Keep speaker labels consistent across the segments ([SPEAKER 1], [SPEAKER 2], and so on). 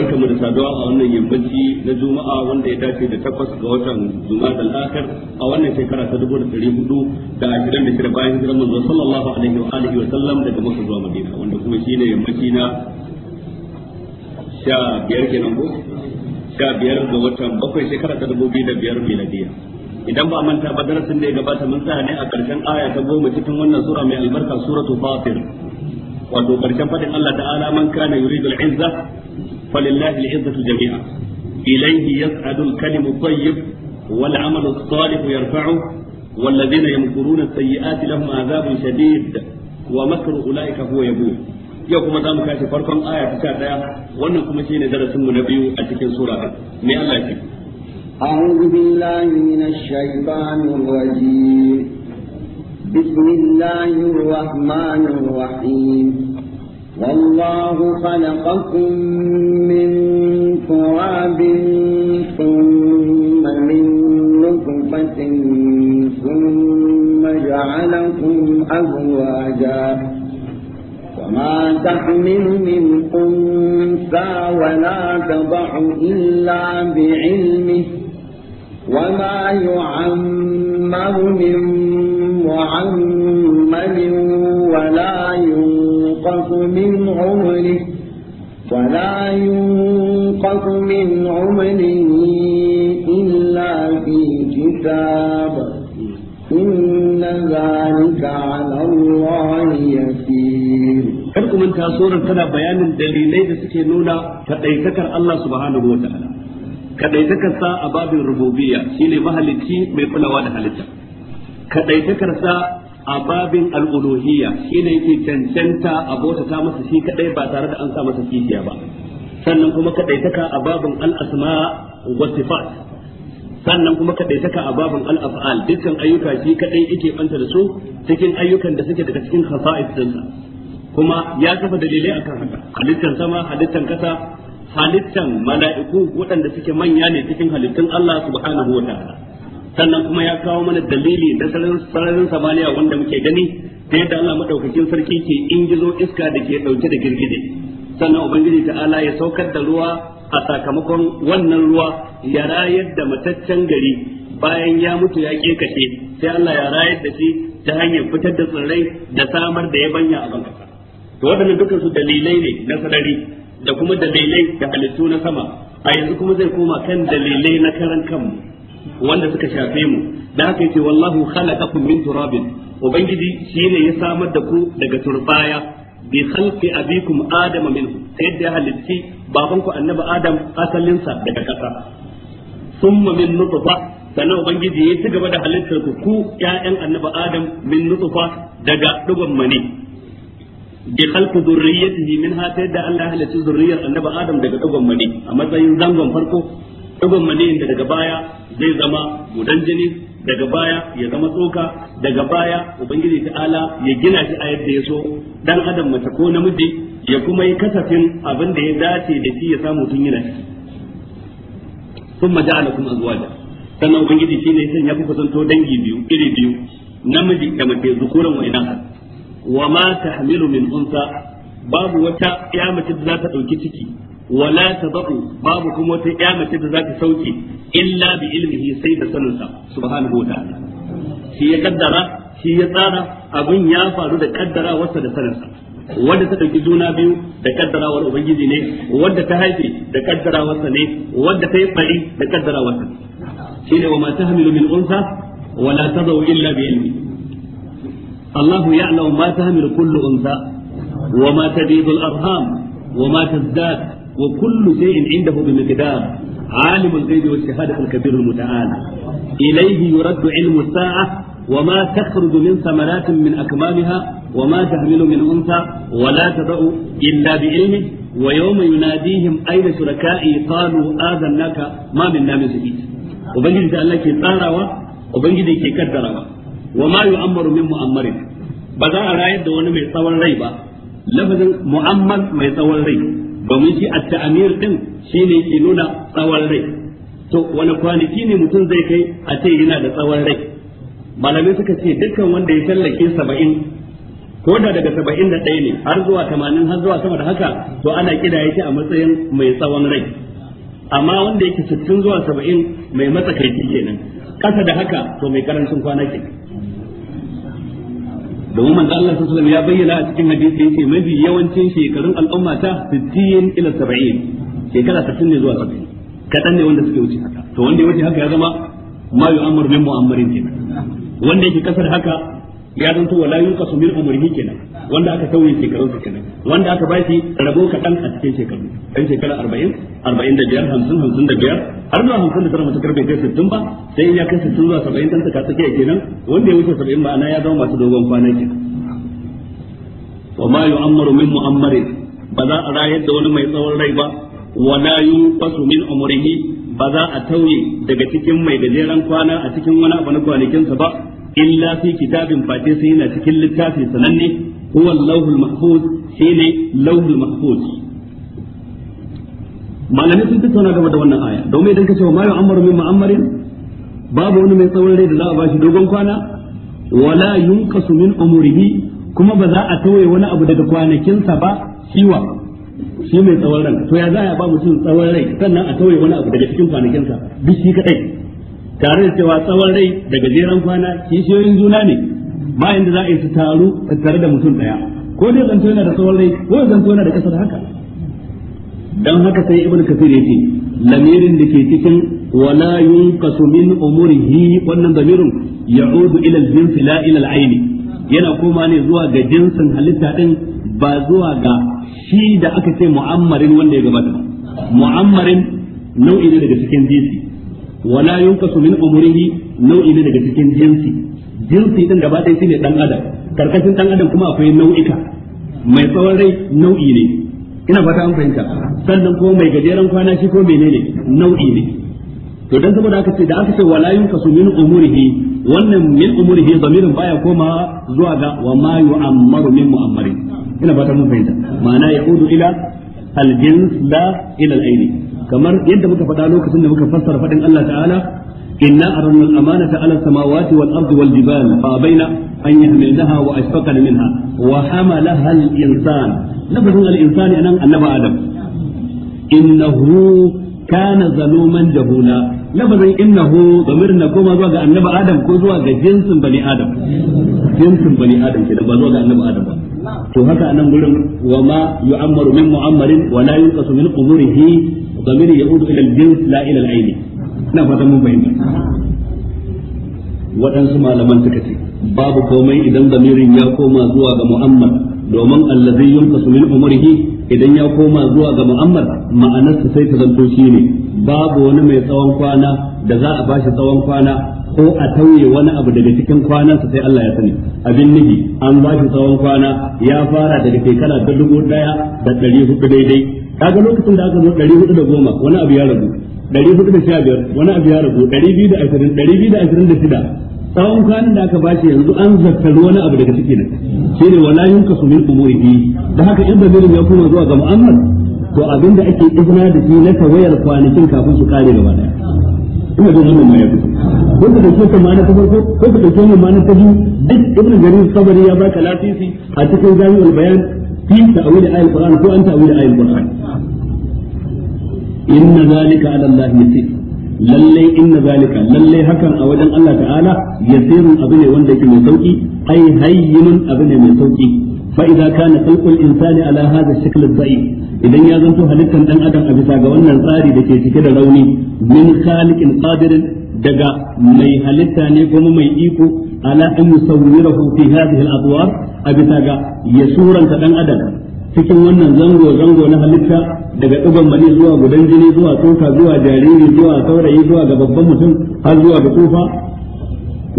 [SPEAKER 1] barka mu da saduwa a wannan yammaci na juma'a wanda ya dace da takwas ga watan juma'a da akhir a wannan shekara ta dubu da ɗari hudu da ashirin da shida bayan hijirar manzo sallallahu alaihi wa alihi wa sallam daga makka zuwa madina wanda kuma shi ne yammaci na sha biyar kenan ko sha biyar ga watan bakwai shekara ta dubu biyu da biyar miladiya idan ba manta ba darasin da ya gabata mun tsaya ne a ƙarshen aya ta goma cikin wannan sura mai albarka suratu fatir wato ƙarshen faɗin Allah ta'ala man kana yuridu al-izza فلله العزة جميعا إليه يسعد الكلم الطيب والعمل الصالح يرفعه والذين يمكرون السيئات لهم عذاب شديد ومكر أولئك هو يبور yau kuma za mu kashe farkon aya ta sha daya wannan kuma shine darasin mu na biyu a cikin sura ta me Allah ki a'udhu billahi minash shaitanir rajim
[SPEAKER 2] bismillahir rahmanir rahim والله خلقكم من تراب ثم من نطفة ثم جعلكم أزواجا وما تحمل من أنثى ولا تضع إلا بعلمه وما يعمر من معمر لا ينقص من عمره إلا في كتاب إن ذلك
[SPEAKER 1] على الله يسير kar manta surar tana bayanin dalilai da suke nuna kaɗaitakar Allah subhanahu wa ta'ala kadaitakar sa a babin rububiyya shine mahalicci mai kulawa da halitta Kaɗaitakarsa. sa a babin al'uluhiyya ina yake cancanta a bautata masa shi kadai ba tare da an sa masa kishiya ba sannan kuma ka a babin al'asma wa sifat sannan kuma ka a babin al'af'al dukkan ayyuka shi kadai yake banta da su cikin ayyukan da suke daga cikin khasa'is dinsa kuma ya kafa dalilai akan haka halittan sama halittan kasa halittan mala'iku waɗanda suke manya ne cikin halittun Allah subhanahu wa ta'ala sannan kuma ya kawo mana dalili na sararin samaniya wanda muke gani ta yadda Allah madaukakin sarki ke ingizo iska da ke ɗauke da girgide sannan ubangiji Ala ya saukar da ruwa a sakamakon wannan ruwa ya rayar da mataccen gari bayan ya mutu ya kekashe sai Allah ya rayar da shi ta hanyar fitar da tsirrai da samar da yabanya a ban to waɗannan dukkan su dalilai ne na sarari da kuma dalilai da halittu na sama a yanzu kuma zai koma kan dalilai na karan kanmu wanda suka shafe mu da haka yace wallahu khalaqakum min turabin ubangiji shine ya samar da ku daga turbaya bi khalqi abikum adam minhu yadda ya halitti baban ku annabi adam asalin sa daga kasa thumma min nutfa sannan ubangiji ya ci gaba da halittar ku ku ƴaƴan annabi adam min nutfa daga dugon mani bi khalqi dhurriyyatihi min ta yadda Allah halitti zurriyar annabi adam daga dugon mani a matsayin zangon farko dugun maniyin da daga baya zai zama gudan jini daga baya ya zama tsoka daga baya ubangiji ta'ala ya gina shi a yadda ya so dan adam mace ko namiji ya kuma yi kasafin abin da ya dace da shi ya samu tun yana ciki sun zuwa da. sannan ubangiji shine ya fi kusanto dangi biyu iri biyu namiji da mace zukuran wa inaha wa ma tahmilu min unsa babu wata ya mace da za ta ɗauki ciki wala tadau babu kuma wata ƴa mace da za sauke illa bi ilmihi sai da saninsa subhanahu wa shi ya tsara abin ya faru da kaddara da saninsa wanda ta ɗauki juna biyu da kaddarawar ubangiji ne wanda ta haife da kaddarawarsa ne wanda ta yi fari da kaddarawarsa ne shine wa mata tahmilu min unsa wala tadau illa bi ilmi الله يعلم ما تحمل كل أنثى وما تبيض wa وما تزداد wa kullu shay'in indahu bi miqdar عالم الغيب والشهادة الكبير المتعال إليه يرد علم الساعة وما تخرج من ثمرات من أكمامها وما تحمل من أنثى ولا تضع إلا بعلمه ويوم يناديهم أين شركائي قالوا آذناك ما منا من سبيل وبنجد الله كي تاراوا وبنجد كي كدراوا وما يؤمر من مؤمر بذا رايد دون من صور ريبا لفظ مؤمر من صور ريبا domin shi at-ta'mir din shine ke nuna tsawon rai to wani kwanaki ne mutum zai kai a ce yana da tsawon rai malamai suka ce dukkan wanda ya tallake saba'in ko da daga saba'in da ɗaya ne har zuwa tamanin har zuwa sama da haka to ana kira yake a matsayin mai tsawon rai amma wanda yake sittin zuwa saba'in mai matsakaici kenan ƙasa da haka to mai karancin kwanaki. domin manzo Allah sallallahu alaihi ya bayyana a cikin hadisi yace mafi yawancin shekarun al'umma ta 60 ila 70 shekara 60 ne zuwa 70 kadan ne wanda suke wuce haka to wanda ya wuce haka ya zama ma yu'amur min mu'ammarin kenan wanda yake kasar haka ya zanto wala yunqasu min umrihi kenan wanda aka sauye shekarun sa kenan wanda aka ba shi rabo kaɗan a cikin shekaru dan shekara arba'in arba'in da biyar hamsin hamsin da biyar har zuwa hamsin da tara matakar bai kai sittin ba sai in ya kai sittin zuwa saba'in dan ta tsakiya kenan wanda ya wuce saba'in ma'ana ya zama masu dogon kwana kenan wa ma yu'ammaru min mu'ammarin ba za a rayar da wani mai tsawon rai ba wa la yunqasu min umrihi ba za a tauye daga cikin mai gajeren kwana a cikin wani abu na kwanakinsa ba illa fi kitabin fate sai yana cikin littafi sananne huwa lauhul mahfuz shine lauhul mahfuz malamai sun tattauna game wannan aya domin idan ka ce wa ma yu'ammaru babu wani mai tsawon rai da za a bashi dogon kwana wala yunqasu kuma ba za ba siwa shi mai tsawon ba mutum tsawon rai sannan a tauye daga cikin kwanakinsa duk shi tare da cewa tsawon rai da gajeren kwana kishiyoyin juna ne ba inda za a yi su taru tare da mutum daya ko dai zanto yana da tsawon rai ko zanto yana da kasar haka dan haka sai ibnu kasir yace lamirin da ke cikin wala yunqasu min umurihi wannan zamirin ya'udu ila al-jins la ila al-ayn yana koma ne zuwa ga jinsin halitta din ba zuwa ga shi da aka ce mu'ammarin wanda ya gabata mu'ammarin nau'i ne daga cikin jinsi wala yunqasu min umurihi nau'i ne daga cikin jinsi jinsi din gaba ɗaya shine dan adam karkashin dan adam kuma akwai nau'ika mai tsawon rai nau'i ne ina fata an fahimta sannan kuma mai gajeren kwana shi ko menene nau'i ne to dan saboda aka ce da aka ce wala yunkasu min umurihi wannan min umurihi zamirin baya koma zuwa ga wa ma yu'ammaru min mu'ammarin ina fata mun fahimta ma'ana ya'udu ila al-jins la ila al-aini kamar yadda muka faɗa lokacin da muka fassara faɗin Allah ta'ala إنا أردنا الأمانة على السماوات والأرض والجبال فأبين أن يحملنها وأشفقن منها وحملها الإنسان لفظ الإنسان أنا النبى آدم إنه كان ظلوما جهولا lafazin innahu zamir na koma zuwa ga annabi adam ko zuwa ga jinsin bani adam jinsin bani adam ba ba to haka anan gurin wa ma yu'ammaru min mu'ammarin wa la yunqasu min quburihi zamir yaudu ila al-jins la ila al-aini na fata mun fahimta waɗansu malaman suka ce babu komai idan zamirin ya koma zuwa ga mu'ammar domin allazi yin min umarhi idan ya koma zuwa ga mu'ammar ma'anarsa sai ta zanto shine babu wani mai tsawon kwana da za a bashi tsawon kwana ko a tauye wani abu daga cikin kwanansa sai Allah ya sani abin nufi an bashi tsawon kwana ya fara daga shekara ta dubu daya da ɗari hudu daidai kaga lokacin da aka zo ɗari hudu da goma wani abu ya ragu Dari hudu da sha biyar wani abu ya ragu dari biyu da ashirin dari biyu da ashirin da shida tsawon kwanan da aka bashi yanzu an zartar wani abu daga ciki nan shi ne wala yunka su min umurihi da haka in dalilin ya koma zuwa ga mu'ammar to abin da ake izina da shi na tawayar kwanakin kafin su kare gaba daya ina jin wannan ma ya fito ko ka dauke ta ma'ana ta farko ko ka dauke mu ma'ana ta biyu duk ibnu jarir sabari ya baka lafisi a cikin jami'ul bayan fi ta'wil ayatul qur'an ko an ta'wil ayatul qur'an inna zalika ala Allah yasir lalle inna zalika lalle hakan a wajen Allah ta'ala yasirun abu ne wanda yake mai sauki ai hayyinun abu ne mai sauki fa idza kana khalqul insani ala hadha ash-shakl ad idan ya zanto halittar dan adam a bisa ga wannan tsari da ke cike da rauni min khaliqin qadirin daga mai halitta ne kuma mai iko ala an yusawwirahu fi hadhihi al-adwar a bisa ga ya suranta dan adam cikin wannan zango zango na halitta daga ɗigon mani zuwa gudan jini zuwa tsoka zuwa jariri zuwa saurayi zuwa ga babban mutum har zuwa ga tsufa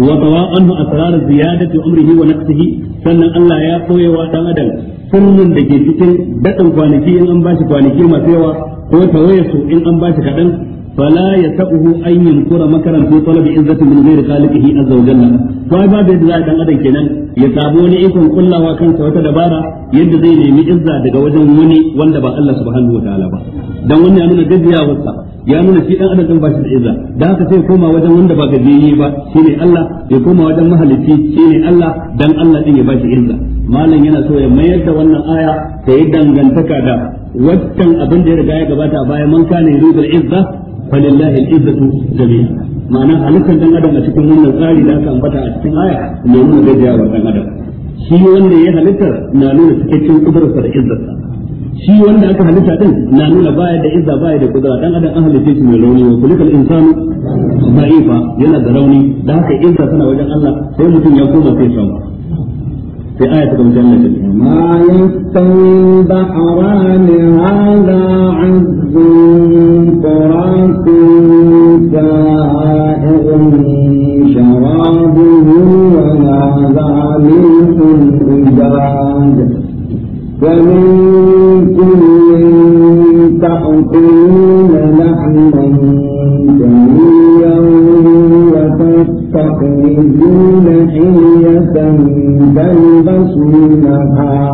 [SPEAKER 1] wa tawa'anhu asrar ziyadati umrihi wa nafsihi sannan Allah ya koyewa dan adam sirrin da ke cikin daɗin kwanaki in an bashi kwanaki masu yawa ko tawaye su in an bashi kaɗan فلا يسعه أن ينكر مكرا في طلب عزة من غير خالقه عز وجل فأي باب يدزا دان أدن كنان يتابوني إيكم كلا وكان سوى تدبارا يدزي نيمي إزا دقا وجن وني واندبا الله سبحانه وتعالى با dan wannan ya nuna gajiya wasa ya nuna shi dan adam ba shi da izza da haka sai koma wajen wanda ba gajiyi ba shine Allah ya koma wajen mahalicci shine Allah dan Allah din ya ba shi izza malam yana so ya mayar da wannan aya ta yi dangantaka da watan abin da ya riga ya gabata baya man kana yuridu izza falillahi al-izzatu jami'a ma'ana halittar dan adam a cikin wannan tsari da aka ambata a cikin aya na nuna gajiyawar dan adam shi wanda ya halitta na nuna cikakken kudurarsa da izzarsa shi wanda aka halitta din na nuna baya da izza baya da kudura dan adam an halitta shi mai rauni wa kulikal insanu da'ifa yana da rauni da haka izza tana wajen Allah sai mutum ya koma sai في آية الجنة ما
[SPEAKER 2] يستوي البحران هذا عز فرات سائغ شرابه وهذا ملح الزجاج فمن كل تأكلون لحما جميلا وتستخرجون حلية تلبسونها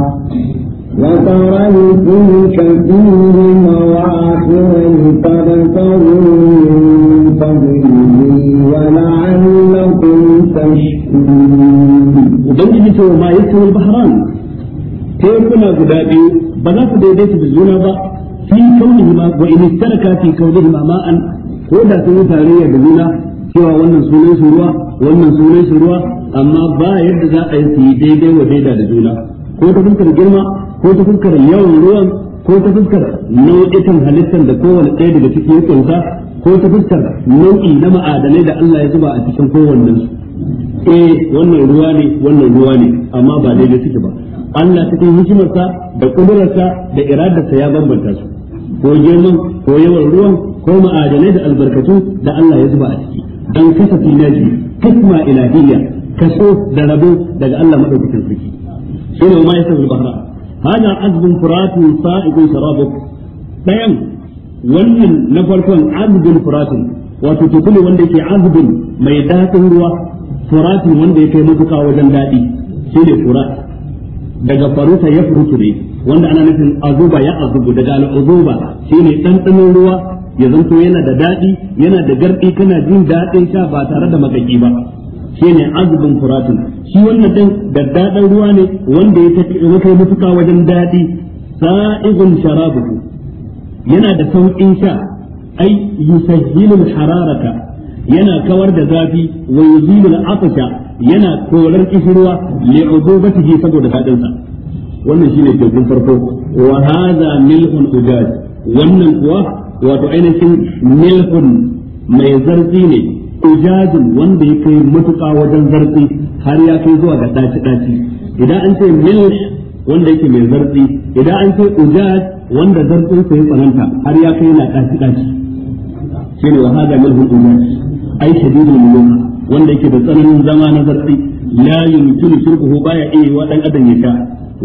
[SPEAKER 2] وترى الفلك فيه مواخر لتبتغوا من فضله ولعلكم تشكرون Ubangiji ce
[SPEAKER 1] ma yake Ta bahran tekuna guda biyu ba za ku daidaita da juna ba fi kaunihi ma wa in istaraka fi kaunihi ma ma'an ko da sun yi tarayya da juna cewa wannan sunan shi ruwa wannan sunan shi ruwa amma ba yadda za a yi su yi daidai wa daida da juna ko ta fuskar girma ko ta fuskar yawan ruwan ko ta fuskar nau'ikan halittar da kowane ɗaya daga ciki ya kunsa ko ta fuskar nau'i na ma'adanai da Allah ya zuba a cikin kowannen su eh wannan ruwa ne wannan ruwa ne amma ba daidai suke ba Allah cikin hikimarsa da kudurarsa da iradarsa ya bambanta su ko girman ko yawan ruwan ko ma'adanai da albarkatu da Allah ya zuba a ciki dan kasafi naji hikma ilahiyya kaso da rabo daga Allah madaukakin sarki shine ma yasal bahra hada azbun furatun sa'idun sharabuk dayan wannan na farkon azbun furatun wato tukulu wanda yake azbun mai daɗin ruwa furatun wanda yake mutuka wajen daɗi shine furat daga faruta ya furutu ne wanda ana nufin azuba ya azubu daga al'uzuba shine ɗanɗanon ruwa ya zanto yana da daɗi yana da garɗi kana jin daɗin sha ba tare da magagi ba shine azbun furatun shi wannan din daddadan ruwa ne wanda ya wata mutuka wajen dadi sa'igun sharabuhu yana da sauƙin sha ai yusajjilu hararata yana kawar da zafi wa yuzilu al-atasha yana korar kishirwa li'udubatihi saboda dadin sa wannan shine tekun farko wa hadha mil'un ujaj wannan kuwa wato ainihin mil'un mai zartsi ne ujajin wanda ya kai matuƙa wajen zartsi har ya kai zuwa ga daci daci idan an ce mil wanda yake mai zartsi idan an ce ujaj wanda zartsin sa ya tsananta har ya kai na daci daci shine wa hada milhu ujaj ai shadidul muluka wanda yake da tsananin zama na zartsi la yumkinu shirkuhu baya iya wa dan adam ya sha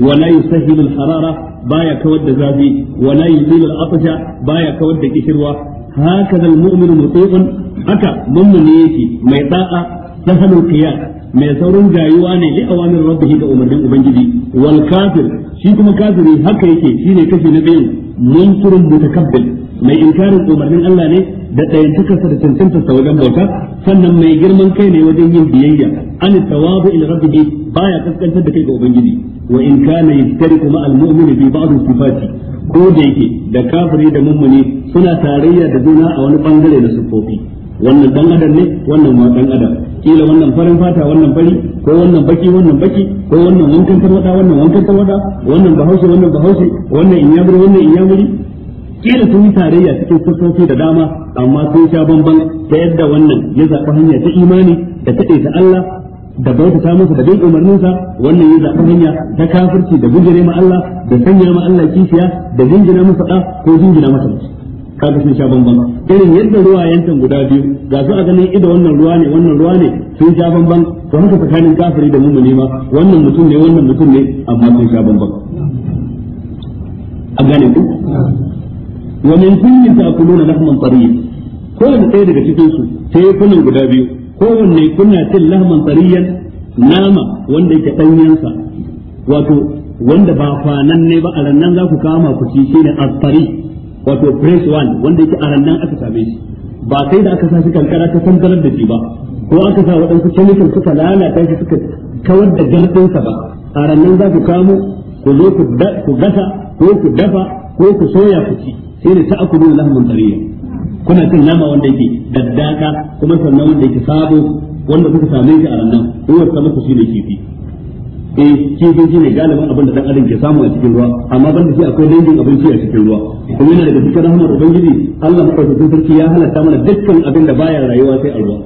[SPEAKER 1] ولا يسهل الحرارة بايا كود زافي ولا يزيل العطش بايا كود كشروة هكذا المؤمن مطيع haka mummuni yake mai da'a sahalul qiyas mai saurin gayuwa ne li awamin rabbih ga umarnin ubangiji wal kafir shi kuma kafiri haka yake shine kashi na biyu munkurun mutakabbil mai inkarin umarnin Allah ne da sa da cancantarsa wajen bauta sannan mai girman kai ne wajen yin biyayya an tawabu ila rabbihi baya kaskantar da kai ga ubangiji wa in kana yashtariku ma al mu'minu fi ba'd sifati ko da yake da kafiri da mummuni suna tarayya da juna a wani bangare na sufofi wannan dan adam ne wannan ma dan adam kila wannan farin fata wannan fari ko wannan baki wannan baki ko wannan wankan tarwada wannan wankan tarwada wannan bahaushe wannan bahaushe wannan inyamuri wannan inyamuri kila sun yi tarayya cikin sassofi da dama amma sun sha bamban ta yadda wannan ya zaɓi hanya ta imani da ta ta Allah da bauta ta masa da bin umarninsa wannan ya zaɓi hanya ta kafirci da gujire ma Allah da sanya ma Allah kishiya da jingina masa ko jingina masa kaga sun sha bamban irin yadda ruwayantan guda biyu ga su a ganin ido wannan ruwa ne wannan ruwa ne sun sha bamban to haka tsakanin kafiri da mumuni ma wannan mutum ne wannan mutum ne amma sun sha bamban A gane ku wa min kulli ta'kuluna lahman tariy ko da ɗaya daga cikin su sai kunan guda biyu ko kowanne kunna cin lahman tariyan nama wanda yake sa wato wanda ba kwanan ne ba a rannan za ku kama ku ci shine asfari wato press one wanda yake a rannan aka same shi ba sai da aka sa shi kankara ta tantarar da shi ba ko aka sa waɗansu chemical suka lalata shi suka kawar da gardinsa ba a rannan za ku kamo ku zo ku gasa ko ku dafa ko ku soya ku ci sai da ta'akulu lahmun tariya kuna cin nama wanda yake daddaka kuma sannan wanda yake sabo wanda kuka same shi a rannan ko shi ne kifi eh kifofi ne galibin abin da dan adam ke samu a cikin ruwa amma ban da shi akwai dangin abinci a cikin ruwa kuma yana daga cikin rahmar ubangiji Allah madaukakin sarki ya halatta mana dukkan abin da baya rayuwa sai a ruwa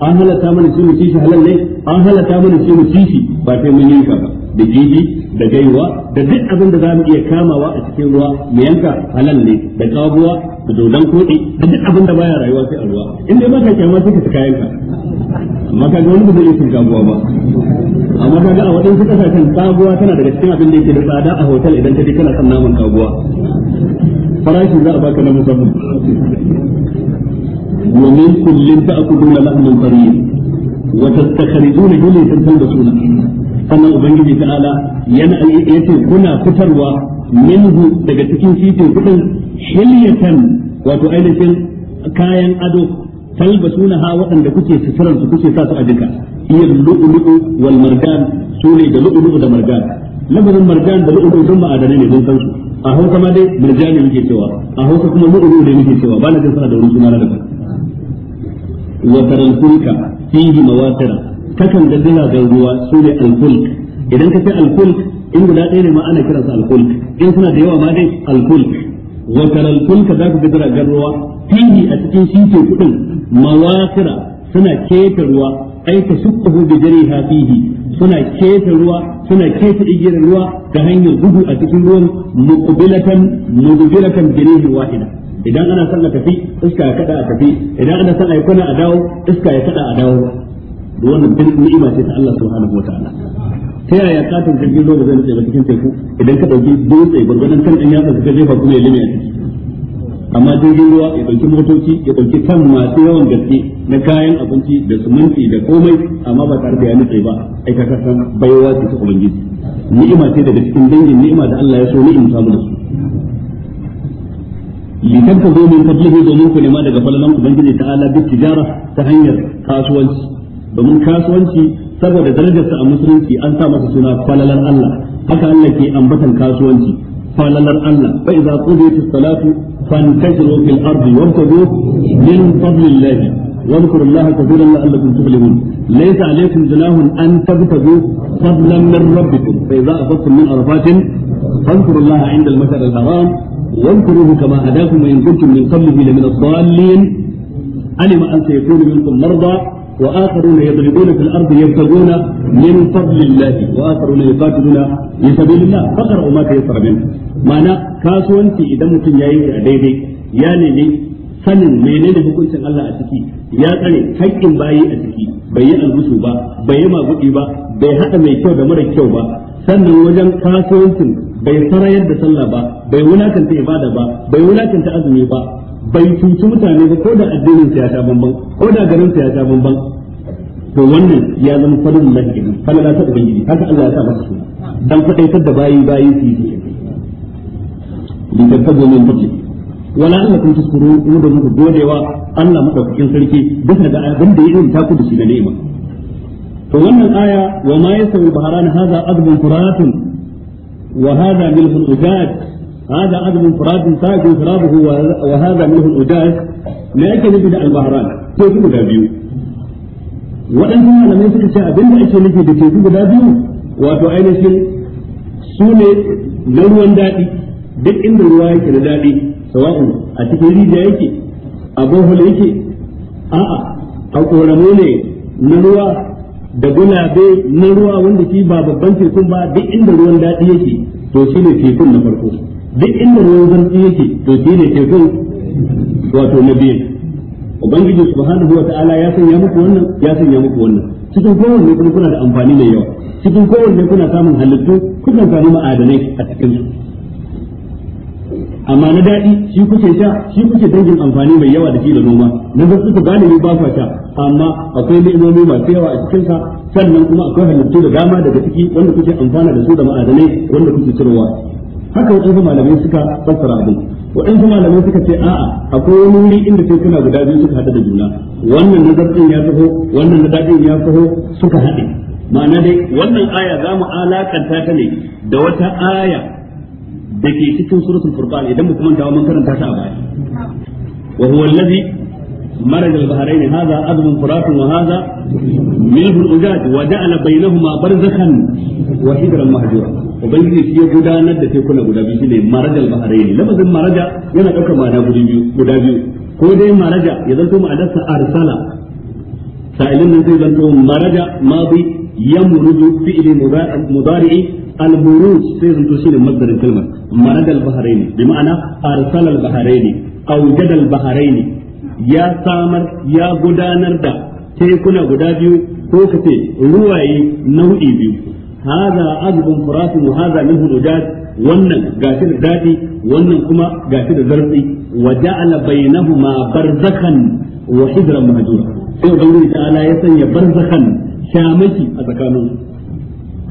[SPEAKER 1] an halatta mana shi mu ci shi halal ne an halatta mana shi mu ci shi ba sai mun yanka ba da gidi da gaiwa da duk abin da za mu iya kamawa a cikin ruwa mu yanka halal ne da kabuwa da dodon koɗi da duk abin da baya rayuwa sai a ruwa in dai baka kyama sai ka saka yanka amma kaga wani ba zai iya cin kabuwa ba amma ga a waɗansu kasashen kabuwa tana daga cikin abin da yake da tsada a hotel idan ka je kana son naman kabuwa farashi za a baka na musamman ومن كل kullin ta'kuluna طريق وتستخرجون wa tastakhrijuna sannan ubangiji ala yana yace kuna fitarwa minhu daga cikin titin kudin hilyatan wato ainihin kayan ado talbasunaha waɗanda kuke suturar su kuke sa su a jika iya lu'ulu'u wal margan su ne da lu'ulu'u da margan lafazin margan da lu'ulu'u sun ma'adanai ne sun san su a hausa ma dai marjani muke cewa a hausa kuma lu'ulu'u ne muke cewa ba na jin sana da wurin suna na daban wa taral fulka fihi mawasira takan ga ruwa su ne alfulk idan ka ce alfulk in guda ɗaya ne ma ana su alfulk in suna da yawa ma dai alfulk wa taral fulka za ku ga ruwa fihi a cikin shi kuɗin, kudin mawakira suna keta ruwa ai ta sukkuhu bi jariha fihi suna keta ruwa suna keta igiyar ruwa ta hanyar gudu a cikin ruwan muqbilatan mudbiratan jarihi wahida idan ana son a tafi iska ya kada a tafi idan ana son a yi kwana a dawo iska ya kada a dawo da wannan duk ni'ima ce ta Allah subhanahu wataala ta yaya katin jirgin zo ba zai nutse ba cikin teku idan ka dauki dutse gurgurdan kan dan yatsa ka jefa kuma ya lime a ciki amma jirgin ruwa ya dauki motoci ya dauki kan masu yawan gaske na kayan abinci da suminti da komai amma ba tare da ya nutse ba ai ka san baiwa ce ta ubangiji ni'ima ce daga cikin dangin ni'ima da Allah ya so ni'im samu da su litan ka zo min kablihi domin ku nema daga falalan ubangiji ta'ala bi tijara ta hanyar kasuwanci domin kasuwanci saboda darajarsa a musulunci an sa masa suna falalar Allah haka Allah ke ambatan kasuwanci falalar Allah fa idza qudiyatis salatu fantashiru fil ardi wabtagu min fadlillah واذكروا الله كثيرا لعلكم كما هداكم وان كنتم من قبله لمن الضالين علم ان سيكون منكم مرضى وآخرون يضربون في الأرض يبتغون من فضل الله وآخرون يقاتلون في سبيل الله فقرأوا ما تيسر منه معنى كاسوانتي إذا ممكن يأيي أديدي يعني لي sanin menene hukuncin Allah a ciki ya tsare haƙƙin bayi a ciki bai yi albusu ba bai yi maguɗi ba bai haɗa mai kyau da mara kyau ba sannan wajen kasuwancin bai sarayar da sallah ba bai wulakanta ibada ba bai wulakanta azumi ba bai cuci mutane ba ko da addinin ya sha bamban ko da garin ya sha bamban to wannan ya zama fadin Allah kenan falala ta ubangiji haka Allah ya sa masa suna dan kwadaitar da bayi bayi su yi likan tabo min fadli wala kun tsuru ko da muku godewa Allah madaukakin sarki duk ga abin da yake ta ku da shi na ma to wannan aya wa ma yasawi baharan hadha azbun quratun wa hadha milhun ujad هذا عدم فراد ساج فرابه وهذا منه الأجاج لكن يجد البهران تيجي guda biyu waɗansu malamai suka ce abin da ake nufi da teku guda biyu wato ainihin su ne na ruwan daɗi duk inda ruwa yake na daɗi sawa'un a cikin rijiya yake a bohol yake a'a a ƙoramu ne na ruwa da gulabe na ruwa wanda ki ba babban tekun ba duk inda ruwan daɗi yake to shi ne tekun na farko duk inda ruwan zarfi yake to shi ne kai wato na biyu ubangiji subhanahu wa ta'ala ya sanya muku wannan ya sanya muku wannan cikin kowanne kuma kuna da amfani mai yawa cikin kowanne kuna samun halittu kuna samun ma'adanai a cikin su amma na daɗi shi kuke sha shi kuke dangin amfani mai yawa da shi da noma na zan suka galibi ba kwa sha amma akwai ni'imomi masu yawa a cikin sa sannan kuma akwai halittu da dama daga ciki wanda kuke amfana da su da ma'adanai wanda kuke cirowa haka wadansu malamai suka fassara abin wadansu malamai suka ce a'a akwai wani wuri inda sai guda biyu suka hada da juna wannan nazar din ya taho wannan na daɗin ya taho suka haɗe ma'ana dai wannan aya za mu alakanta ta ne da wata aya da ke cikin suratul furqan idan mu kuma ta mun karanta ta a baya wa huwa allazi مرج البحرين هذا أذن فرات وهذا ملح أجاج وجعل بينهما برزخا وحجرا مهجورا ubangiji shi ya gudanar da tekuna guda biyu shine marajal bahrain lafazin maraja yana ɗaukar ma'ana guda biyu ko dai maraja ya zanto ma'anarsa arsala sa'ilin nan zai zanto maraja madi yamrudu fi'li mudari'i al-buruj sai zanto shine masdarin kalmar marajal bahrain ma'ana arsala al-bahrain awjada ya samar ya gudanar da tekuna guda biyu ko kace ruwaye nau'i biyu hadha azbun furat wa hadha minhu rujat wannan gashi da dadi wannan kuma gashi da zartsi wa ja'ala bainahuma barzakhan wa hijran mahjura sai ubangiji ta'ala ya sanya barzakhan shamaki a tsakaninsu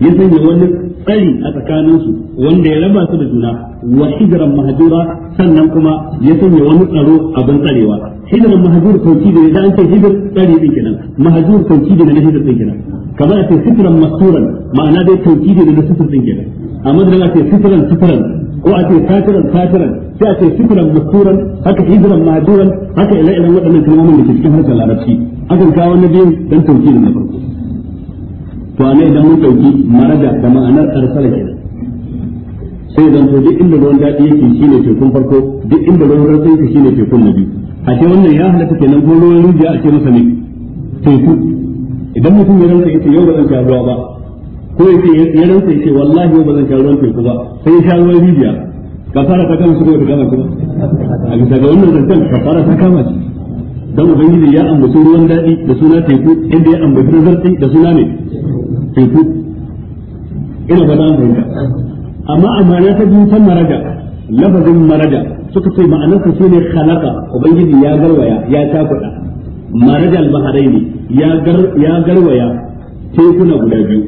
[SPEAKER 1] ya sanya wani tsari a tsakaninsu wanda ya raba su da juna wa hijiran mahajura sannan kuma ya sanya wani tsaro abin tsarewa hijir mahajur tauki da idan an ce hijir tsari din kenan mahajur tauki da na hijir din kenan kamar a ce sitran masuran ma'ana dai tauki da na sitir din kenan amma da a ce sitran sitran ko a ce satiran satiran sai a ce sitran masuran haka hijran mahajuran haka ila ilan waɗannan kalmomin da ke cikin harshen larabci akan kawo na biyu dan tauki da na farko to ana idan mun ɗauki marada da ma'anar arsala kenan sai zan to duk inda ruwan dadi yake shine tekun farko duk inda ruwan rantsi yake shine tekun na biyu a ce wannan ya halatta kenan ko ruwan rijiya a ce masa ne teku idan mutum ya rantsa yace yau ba zan sha ruwa ba ko yace ya rantsa yace wallahi yau ba zan sha ruwan teku ba sai ya sha ruwan rijiya kafara Ka kama su ko ta kama su a bisa ga wannan zancen fara ta kama shi dan ubangiji ya ambaci ruwan daɗi da suna teku inda ya ambaci zartsi da suna ne teku ina ba da fahimta amma amma na ta biyu ta maraja lafazin maraja suka ce ma'anarsa shine khalaqa ubangiji ya garwaya ya takuda marajal baharaini ya gar ya garwaya tekuna guda biyu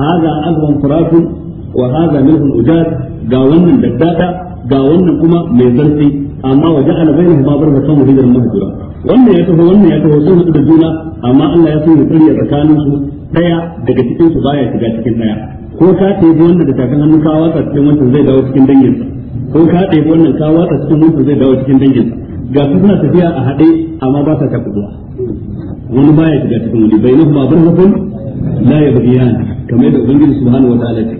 [SPEAKER 1] hadha azwan furatun wa hadha milhun ujad ga wannan daddada ga wannan kuma mai zarfi amma wa ja'ala bainahuma barzakan hijran mahjura wannan ya taho wannan ya taho sun da juna amma Allah ya sanya tsari tsakanin su daya daga cikin su baya shiga cikin daya ko ka tayi wannan da takan hannu ka watsa cikin wancan zai dawo cikin danginsa ko ka ɗebi wannan ka watsa cikin mutu zai dawo cikin danginsa ga su suna tafiya a haɗe amma ba sa takuduwa wani baya shiga cikin wani bai nufi ma barhafin la ya bagiyana kamar yadda ubangiji subhanahu wa ta'ala ce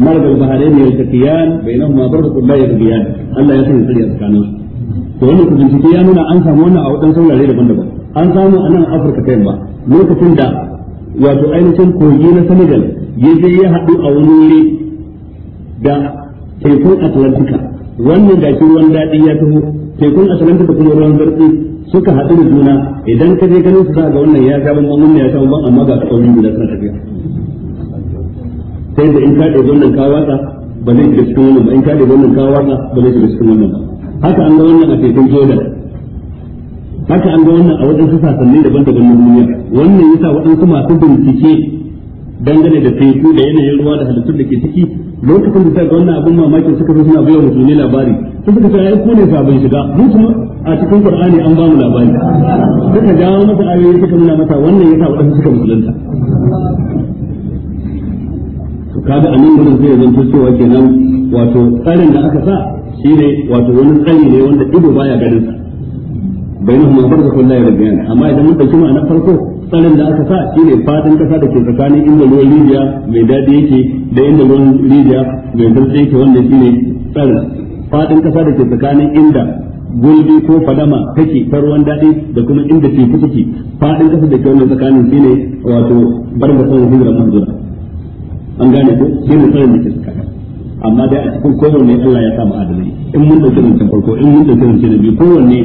[SPEAKER 1] مرض البحرين يلتقيان بينهما la ya يبغيان Allah ya sanya sirri a tsakanin to wannan ku bincike ya nuna an samu wannan a wadan saurare daban-daban an samu a nan Afirka ta yamma lokacin da wato ainihin kogi na Senegal ya je ya haɗu a wani wuri da tekun atlantika wannan da ke ruwan daɗi ya taho tekun atlantika kuma ruwan zarfi suka haɗu da juna idan ka je ganin su za ga wannan ya sha bamban wannan ya sha bamban amma ga kauri guda suna tafiya sai da in ka ɗaya wannan ka watsa ba zai shiga cikin wannan ba in ka ɗaya wannan ka watsa ba zai shiga cikin wannan ba haka an ga wannan a tekun jordan haka an ga wannan a waɗansu sasanni daban-daban na duniya wannan yasa waɗansu masu bincike dangane da teku da yanayin ruwa da halittun da ke ciki lokacin da ga wannan abin mamakin suka fi suna bayar musulmi labari sun suka ce ai ko ne sabon shiga mu kuma a cikin qur'ani an ba mu labari suka wani masa ayoyi suka nuna mata wannan yasa wadansu suka musulunta to a nan gurin zai zanto cewa kenan wato tsarin da aka sa shine wato wani tsari ne wanda ido baya ganin sa bainahuma barzakhu la yabghiyan amma idan mun dauki ma'anar farko tsarin da aka sa ne fadin kasa da ke tsakanin inda ruwan rijiya mai dadi yake da inda ruwan rijiya mai zarce yake wannan ne tsarin fadin kasa da ke tsakanin inda gulbi ko fadama take ta ruwan daɗi da kuma inda teku take fadin kasa da ke wannan tsakanin shi ne wato bar da sanin hijira manzura an gane ko shi ne tsarin da ke tsakanin amma dai a cikin kowanne Allah ya samu mu adalai in mun dauki rancen farko in mun dauki rancen biyu kowanne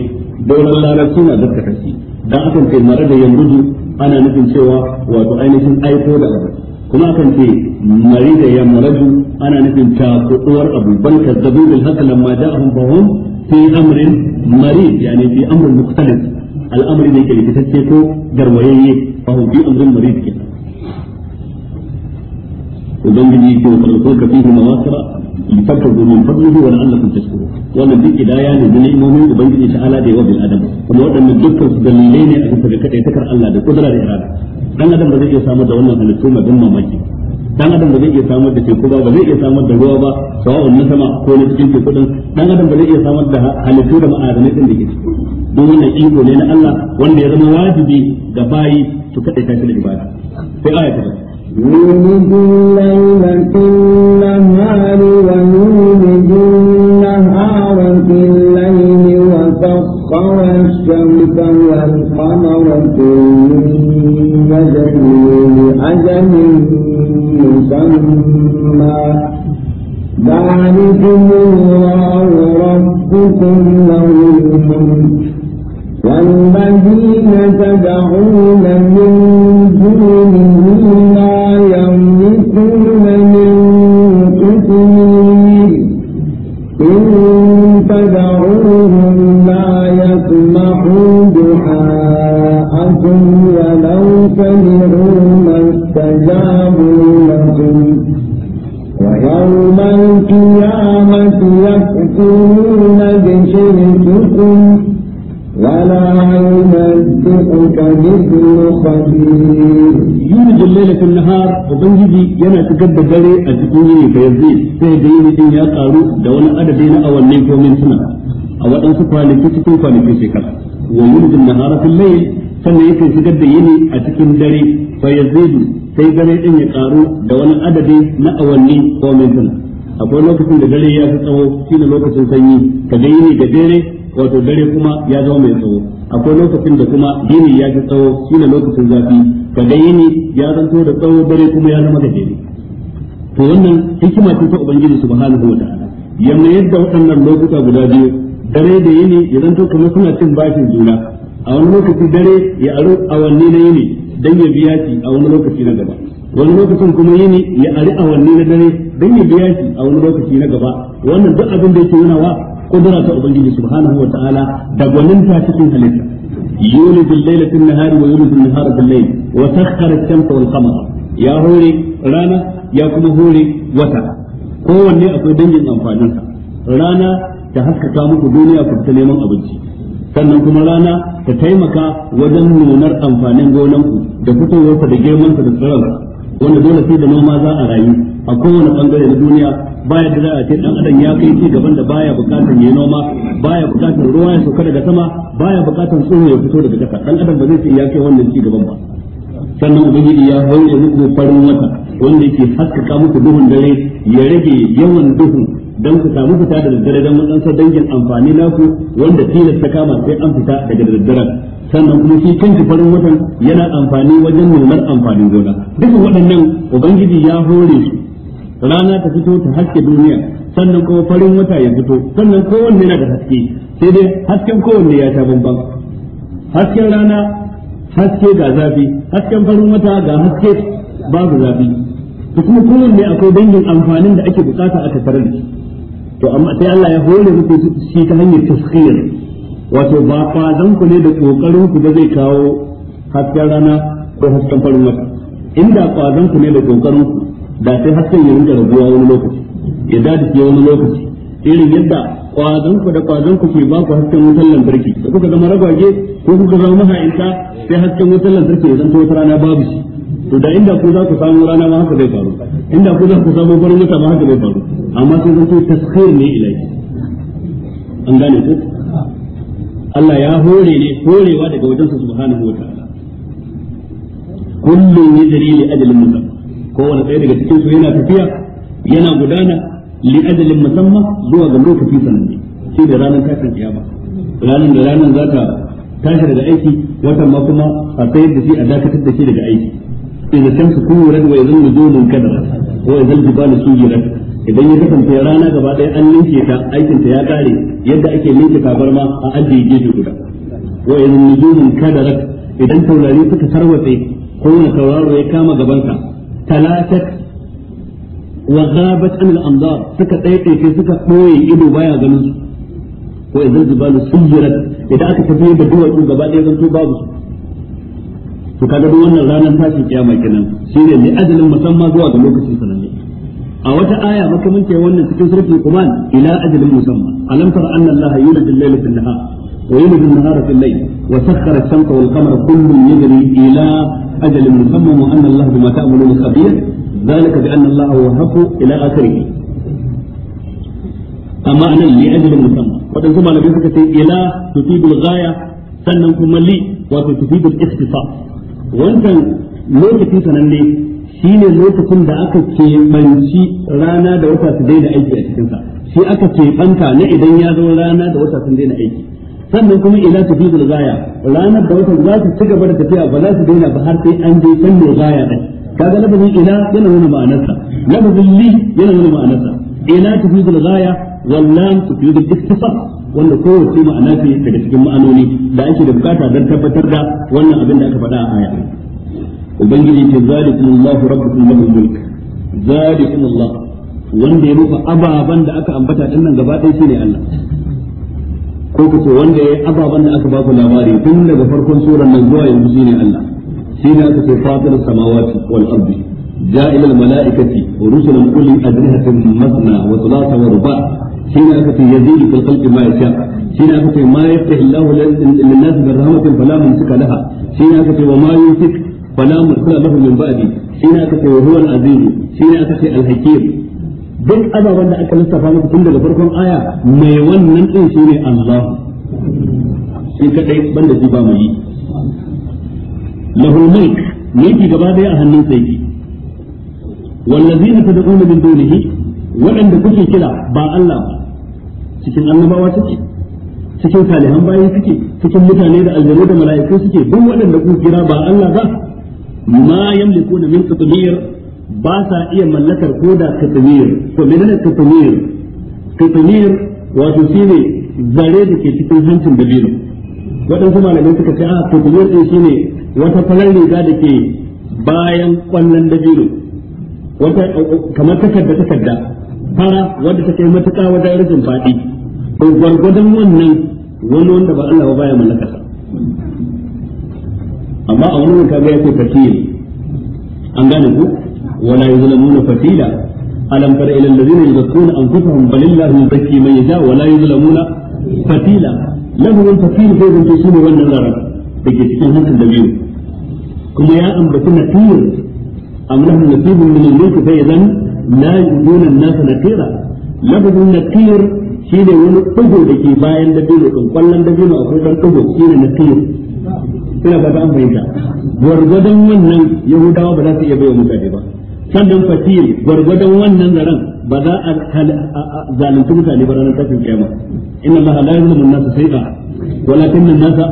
[SPEAKER 1] dauran larabci na gaskata shi dan akan kai mara da yan gudu. ana nufin cewa wato ainihin aiko da abu kuma akan ce mari da yamraju ana nufin takuduwar abu bal kazzabu bil haqq lamma ja'ahum fa hum fi amrin mari yani fi amrin mukhtalif al'amri da yake likitacce ko garwayayye fa hum fi amrin mari kenan ubangiji yake wa karɓar ka fihi mawasira litabtagu min fadlihi wa la'allakum tashkurun wannan duk idaya ne da ni'imomin ubangiji ta ala da yawa bil adam kuma waɗannan dukkan su dalilai ne a cikin ga kadai kar Allah da kudura da irada dan adam ba zai iya samu da wannan halittu ma ban mamaki dan adam ba zai iya samar da teku ba ba zai iya samar da ruwa ba sawa'un na sama ko na cikin teku din dan adam ba zai iya samar da halittu da ma'adanai din da ke ciki don wannan iko ne na Allah wanda ya zama wajibi ga bayi su kada ka shi da ibada sai ayatul
[SPEAKER 3] يولد الليل
[SPEAKER 2] في النهار ويولد النهار في الليل وسخر الشمس والقمر كل يجري لأجل مسمى ذلكم الله ربكم له الملك والذين تدعون من دون لكم ولو كرهوا ما استجابوا لكم ويوم القيامة يكفرون بشرككم ولا ينبئك مثل
[SPEAKER 1] خبير يولد الليل في النهار وبنجي yana cikar da dare a cikin yini fa yanzu sai da yini din ya karu da wani adadi na awannin ko mintuna a waɗansu kwanaki sannan yake shigar da yini a cikin dare fa yazidu sai gare din ya karu da wani adadi na awanni ko mintuna akwai lokacin da dare ya fi tsawo shine lokacin sanyi ka ga yini da dare wato dare kuma ya zama mai tsawo akwai lokacin da kuma yini ya fi tsawo shine lokacin zafi ka ga yini ya zanto da tsawo dare kuma ya zama gajere to wannan hikima ce ta ubangiji subhanahu wa ta'ala yamma yadda waɗannan lokuta guda biyu dare da yini ya zanto kamar suna cin bashin juna a wani lokaci dare ya ari awanni na yini dan ya biya shi a wani lokaci na gaba wani lokacin kuma yini ya ari awanni na dare dan ya biya shi a wani lokaci na gaba wannan duk abin da yake yana wa kudura ta ubangiji subhanahu wa ta'ala da gwaninta cikin halitta يولد الليل في النهار ويولد النهار في الليل وسخر الشمس والقمر يا هوري رانا يا كما هوري وتا kowanne akwai dangin amfaninsa rana ta haskaka muku duniya ku ta neman abinci sannan kuma rana ta taimaka wajen nunar amfanin gonanku da fitowarsa da girmansa da tsirarsa wanda dole sai da noma za a rayu a kowane bangare na duniya baya da za a ce dan adam ya kai ci gaban da baya bukatar yayi noma baya bukatar ruwa ya sauka daga sama baya bukatar tsoro ya fito daga kasa dan adam ba zai ce ya kai wannan ci gaban ba sannan ubangiji ya hauye muku farin wata wanda yake haskaka muku duhun dare ya rage yawan duhun don ku samu fita da daddare don mun san dangin amfani naku wanda ta kama sai an fita daga daddare. sannan kuma shi kanki farin watan yana amfani wajen nunar amfanin gona dukkan waɗannan ubangiji ya hore su rana ta fito ta haske duniya sannan kuma farin wata ya fito sannan kowanne yana da haske sai dai hasken kowanne ya sha bambam hasken rana haske ga zafi hasken farin wata ga haske babu zafi to kuma ne akwai dangin amfanin da ake bukata a tattare da shi to amma sai Allah ya hore muku shi ta hanyar tasghir wato ba fadan ku ne da kokarin ku ba zai kawo hasken rana ko hasken farin wata inda kwazon ku ne da kokarin ku da sai hasken ya rinka rabuwa wani lokaci ya dadi wani lokaci irin yadda kwazon ku da kwazon ku ke ba ku hasken wutar lantarki da kuka zama ragwaje, ko kuka zama maha'inta sai hasken wutar lantarki ya zanto wata rana babu shi to da inda ku za ku samu rana ma haka zai faru inda ku za ku samu farin mutane ma haka zai faru amma sai zan ce taskhir ne ilahi an gane ku Allah ya hore ne horewa daga wajen sa subhanahu wataala kullun yajri li ajalin musamma wani tsaye daga cikin su yana tafiya yana gudana li ajalin musamma zuwa ga lokaci ne, shi da ranar tashin kiyama ranar da ranar za ta tashi daga aiki watan ma kuma a sayar da shi a dakatar da shi daga aiki إذا الشمس كورت وإذا النجوم انكدرت وإذا الجبال سيرت idan ya kasance rana gaba ɗaya an linke ta aikin ta ya kare yadda ake kabar ma a ajiye gefe guda wa idan nujumun kadarat idan taurari suka tarwatse ko wani tauraro ya kama gabansa talatat wa ghabat an al-amdar suka tsaye suka ɓoye ido baya ganin su ko idan jibalu sujirat idan aka tafi da duwatsu gaba ɗaya zan to babu su to kaga duk wannan ranar tashin kiyama kenan shine mai ajalin musamman zuwa ga lokaci sananne a wata aya makamancin wannan cikin surfi kuman ila ajalin musamman alam tara anna allaha yuliju al-layla fil nahar wa yuliju an-nahara fil layl wa sakhkhara ash-shamsa wal qamara kullun yajri ila ajalin musamman wa anna allaha bima ta'maluna khabir ذلك بأن الله وهبه إلى آخره أما أنا لأجل مسمى وإن كما لم يفكر إلى تفيد الغاية سنة كما لي وتفيد الاختصاص wancan lokacin sananne shine lokacin da aka keɓanci rana da wata su daina aiki a cikinsa shi aka keɓanta na idan ya zo rana da wata sun daina aiki sannan kuma ila ta fi zaya ranar da wata za su ci gaba da tafiya ba za su daina ba har sai an je san da zaya din kaga bazin ila yana nuna ma'anarsa bazin li yana nuna ma'anarsa ila ta fi zaya wallan ta fi iktisar wanda kowace ma'ana ce daga cikin ma'anoni da ake da bukata don tabbatar da wannan abin da aka faɗa a aya ubangiji ce zalikum Allah rabbukum lahul mulk zalikum Allah wanda ya muku ababan da aka ambata din nan gaba ɗaya shine Allah ko ku ce wanda ya ababan da aka baku labari tun daga farkon surar nan zuwa yanzu shine Allah shine aka ce fatir samawati wal ardi جاء إلى الملائكة ورسلا أولي أجنحة مثنى وثلاثة ورباع shine aka ce yazidu fil khalqi ma yasha shine aka ce ma yaftahu Allahu lin nas bi laha shine aka ce wa ma yusik fala mursala lahu min ba'di shine aka duk da aka lissafa muku tun daga farkon aya mai wannan din shine Allah shi kadai banda shi ba mulk gaba daya a hannun sai wallazina tad'una min dunihi waɗanda kuke kira ba Allah ba cikin annabawa suke cikin salihan bayi suke cikin mutane da aljanu da mala'iku suke duk waɗanda kuke kira ba Allah ba ma yamlikuna min qatmir ba sa iya mallakar koda qatmir to menene qatmir qatmir wato shine zare da ke cikin hancin dabino waɗansu malamai suka ce a ah, qatmir din shine wata farar riga da ke bayan kwallon dabino wata kamar takarda takarda fara wanda ta matuƙa wajen rufin faɗi to gwargwadon wannan wani wanda ba Allah ba baya mallaka sa amma a wani kaga ya ce fatila an gane ku wala yuzlamuna fatila alam tara ila alladhina yuzakkuna anfusahum bal illahu yuzakki man yasha wala yuzlamuna fatila lahu min fatil ko zan shi shine wannan zara dake cikin hankali da biyu kuma ya ambaci natir am lahum nasibun min al-mulk fa idan la yuduna Na nasa nakira lafazin nakir shine wani dugo da ke bayan dabino din kwallon dabino akwai dan dugo shine nakir ina ba ta an bayyana gwargwadon wannan yahudawa ba za su iya bayar mutane ba sannan fatil gwargwadon wannan zaren ba za a zalunci mutane ba ranar tashin kiyama inna allaha la yuzlimu an-nasa shay'a walakinna an-nasa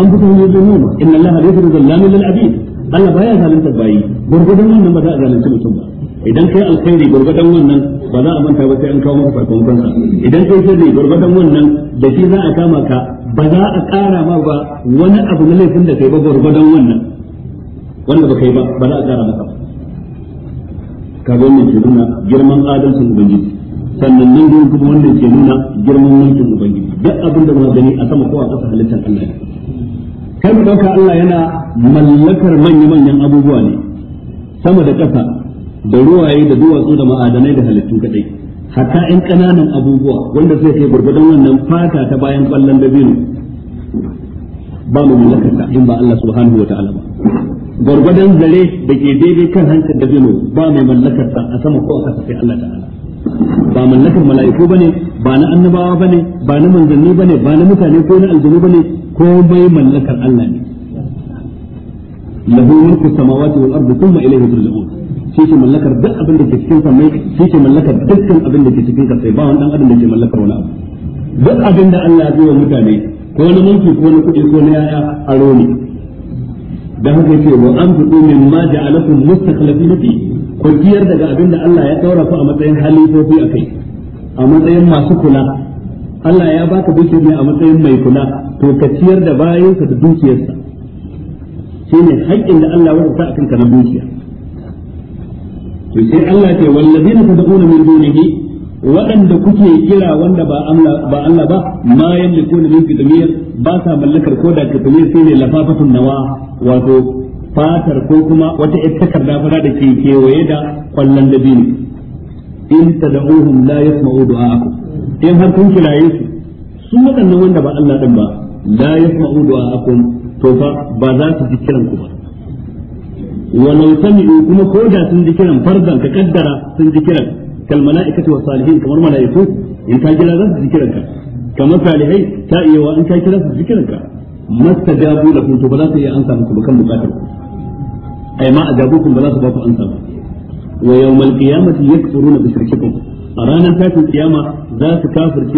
[SPEAKER 1] anfusahum yuzlimuna inna allaha laysa bi zallamin lil 'abid Allah baya zalunta bayi gurgurdan wannan ba za a zalunci mutum ba idan kai alkhairi gurgurdan wannan ba za a manta ba sai an kawo maka farkon sa idan kai sirri gurgurdan wannan da shi za a kama ka ba za a ƙara ma ba wani abu na laifin da kai ba gurgurdan wannan wanda ba kai ba ba za a ƙara maka ka ga wannan ke nuna girman adalcin ubangiji sannan nan gurin kuma wannan ke nuna girman mulkin ubangiji duk abin da muka gani a sama ko a ƙasa halittar Allah ne kai mu dauka Allah yana mallakar manya-manyan abubuwa ne sama da ƙasa da ruwaye da duwatsu da ma'adanai da halittu kadai hatta in ƙananan abubuwa wanda zai kai gurgurdan wannan fata ta bayan da dabino ba mu mulakarta in ba Allah subhanahu wa ta'ala ba gwargwadon zare da ke daidai kan hankalin da zino ba mai mallakar sa a sama ko a kasa sai Allah ta'ala ba mallakar mala'iku bane ba na annabawa bane ba na manzanni bane ba na mutane ko na aljanu bane ko bai mallakar Allah ne lahu mulku samawati wal ardi thumma ilayhi turja'un shi ke mallakar duk abin da ke cikin mai shi ke mallakar dukkan abin da ke cikin sai ba wani dan adam da ke mallakar wani abu duk abin da Allah ya wa mutane ko wani mulki ko wani kuɗi ko wani yaya aro roni dan haka yake wa anfiqu ma ja'alakum mustaqlifin fi ko ciyar daga abin da Allah ya daura ku a matsayin halifofi kai a matsayin masu kula Allah ya baka dukiyar ne a matsayin mai kula to ka ciyar da ka da dukiyarsa shine haƙƙin da Allah ya sa akan ka na dukiya to sai Allah ce wallazina tad'una min dunihi waɗanda kuke kira wanda ba Allah ba Allah ba ma yamlikuna min qitmir ba sa mallakar ko da qitmir sai ne lafafatun nawa wato fatar ko kuma wata ittakar da fara da ke kewaye da kwallon da bini in tad'uhum la yasma'u du'aakum in har kun kiraye su su waɗannan wanda ba Allah din ba la yasma'u du'aakum to fa ba za su ji kiran ku ba walau sami'u kuma ko sun ji kiran ka kaddara sun ji kiran kal mala'ikatu was salihin kamar mala'iku in ka kira su ji ka kamar salihai ta iya wa in ka kira su ji kiran ka mastajabu lahu to ba za su iya ansa muku kan bukatar ku ai ma ajabukum ba za su ba ku ba wa a ranar tashin kiyama za su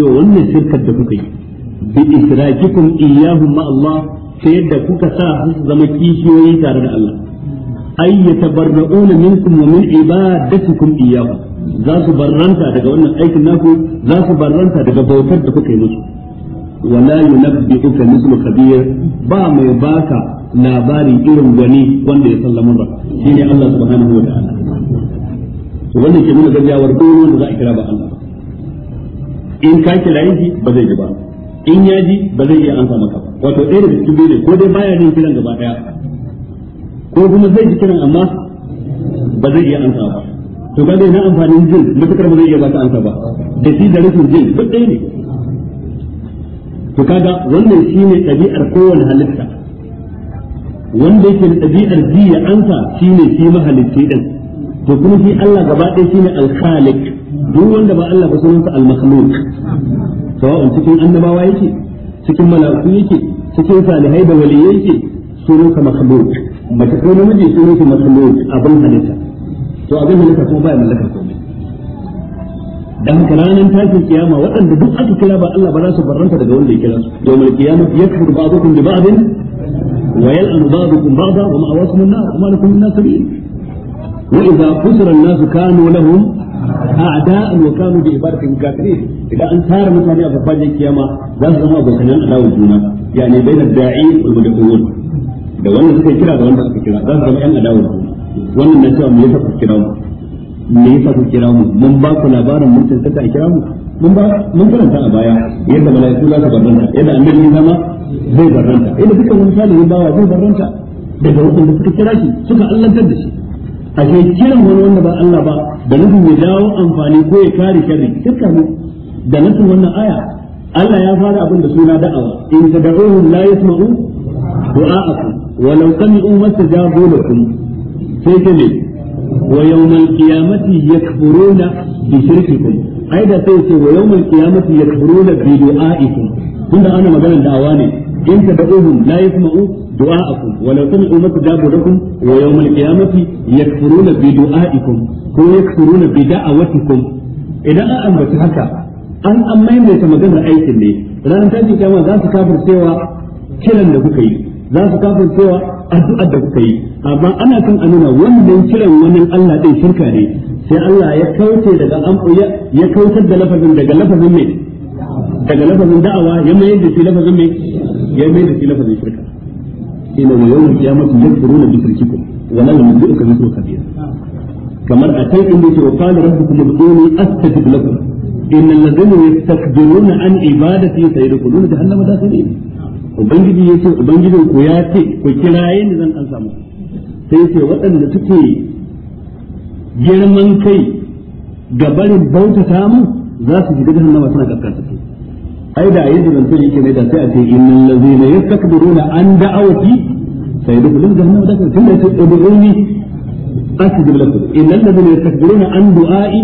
[SPEAKER 1] wannan shirkar da kuka yi bi israkikum Allah sai da kuka sa su zama kishiyoyi tare da Allah ay yatabarra'una minkum wa min ibadatikum iyyahu za su barranta daga wannan aikin naku za su barranta daga bautar da kuka yi musu wala yunabbi'uka mithlu khabir ba mai baka labari irin gani wanda ya sallama ba shine Allah subhanahu wa ta'ala wannan ke nuna gaggawar dole wanda za a kira ba Allah in ka kira shi ba zai ji ba in ya ji ba zai iya amsa maka wato ɗaya daga cikin biyu ne ko dai baya jin kiran gaba daya ko kuma zai ji kiran amma ba zai iya amsa ba to kaga ina amfanin jin mutakar ba zai iya ta amsa ba da shi da rashin jin duk ɗaya ne to kaga wannan shine ɗabi'ar kowanne halitta wanda yake da ɗabi'ar ji ya amsa shine shi mahalicci din to kuma shi Allah gaba ɗaya shine al-khaliq duk wanda ba Allah ba sunansa al-makhluq sawa'un cikin annabawa yake cikin mala'iku yake cikin salihai da waliyai yake sunansa makhluq mace ko namiji sun yi masulot abin halitta to abin halitta kuma ba baya mallakar komai dan haka ranar tashin kiyama waɗanda duk aka kira ba Allah ba za su barranta daga wanda ya kira su yawmal qiyamah yakfur ba'dukum bi ba'din wa yal'anu ba'dukum ba'da wa ma'awakum an da wa ma lakum min nasirin wa idza khusira an-nas kanu lahum a'da'an wa kanu bi ibadatihim kafirin idan an tara mutane a babban kiyama za su zama abokanan adawar juna yani bainar da'i wal mudawwin da wanda suka kira da wanda suka kira za su zama yan adawa wannan na cewa me yasa ku kira mu me yasa ku kira mu mun ba ku labarin mun tantance a kira mu mun ba mun karanta a baya yadda malaiku za su barranta yadda annabi ya zama zai barranta yadda dukkan wani ya bawa zai barranta daga wanda suka kira shi suka allantar da shi a kai kiran wani wanda ba Allah ba da nufin ya dawo amfani ko ya kare sharri dukkan mu da nufin wannan aya Allah ya fara abin da suna da'awa in tad'uhum la yasma'u du'a'akum ولو سمعوا ما استجابوا لكم سيكمل ويوم القيامة يكفرون بشرككم أيضا سيكون ويوم القيامة يكفرون بدعائكم هنا أنا مجال الدعوة إن تدعوهم لا يسمعوا دعاءكم ولو سمعوا ما استجابوا لكم ويوم القيامة يكفرون بدعائكم كو يكفرون بدعوتكم إذا أنبت هكا an an maimaita maganar aikin ne ranar tashin kyamar za su kafir cewa kiran da kuka yi za su kafin cewa addu'ar da kuka yi amma ana kan a nuna wannan kiran wannan Allah ɗin shirka ne sai Allah ya kauce daga an ya kautar da lafazin daga lafazin mai daga lafazin da'awa ya mayar da shi lafazin mai ya mayar da shi lafazin shirka ina wa yawon kiyamatu yakfuruna bi shirkikum wa la yunzi'uka mithlu khabir kamar a kan inda rabu-rabu wa qala rabbukum ud'uni astajib lakum innal ladzina yastakbiruna an ibadati sayadkhuluna jahannama dakhirin ubangiji ya ce ubangijin ku ya ce ku kira yadda zan an samu sai ce waɗanda suke girman kai ga barin bautata mu za su shiga jahannama suna kaskanta suke ai da yanzu ban so yake mai da sai a ce innal ladzina yastakbiruna an da'awati sai da kullun jahannama da tun da ce yake uduruni asjib lakum innal ladzina yastakbiruna an du'ai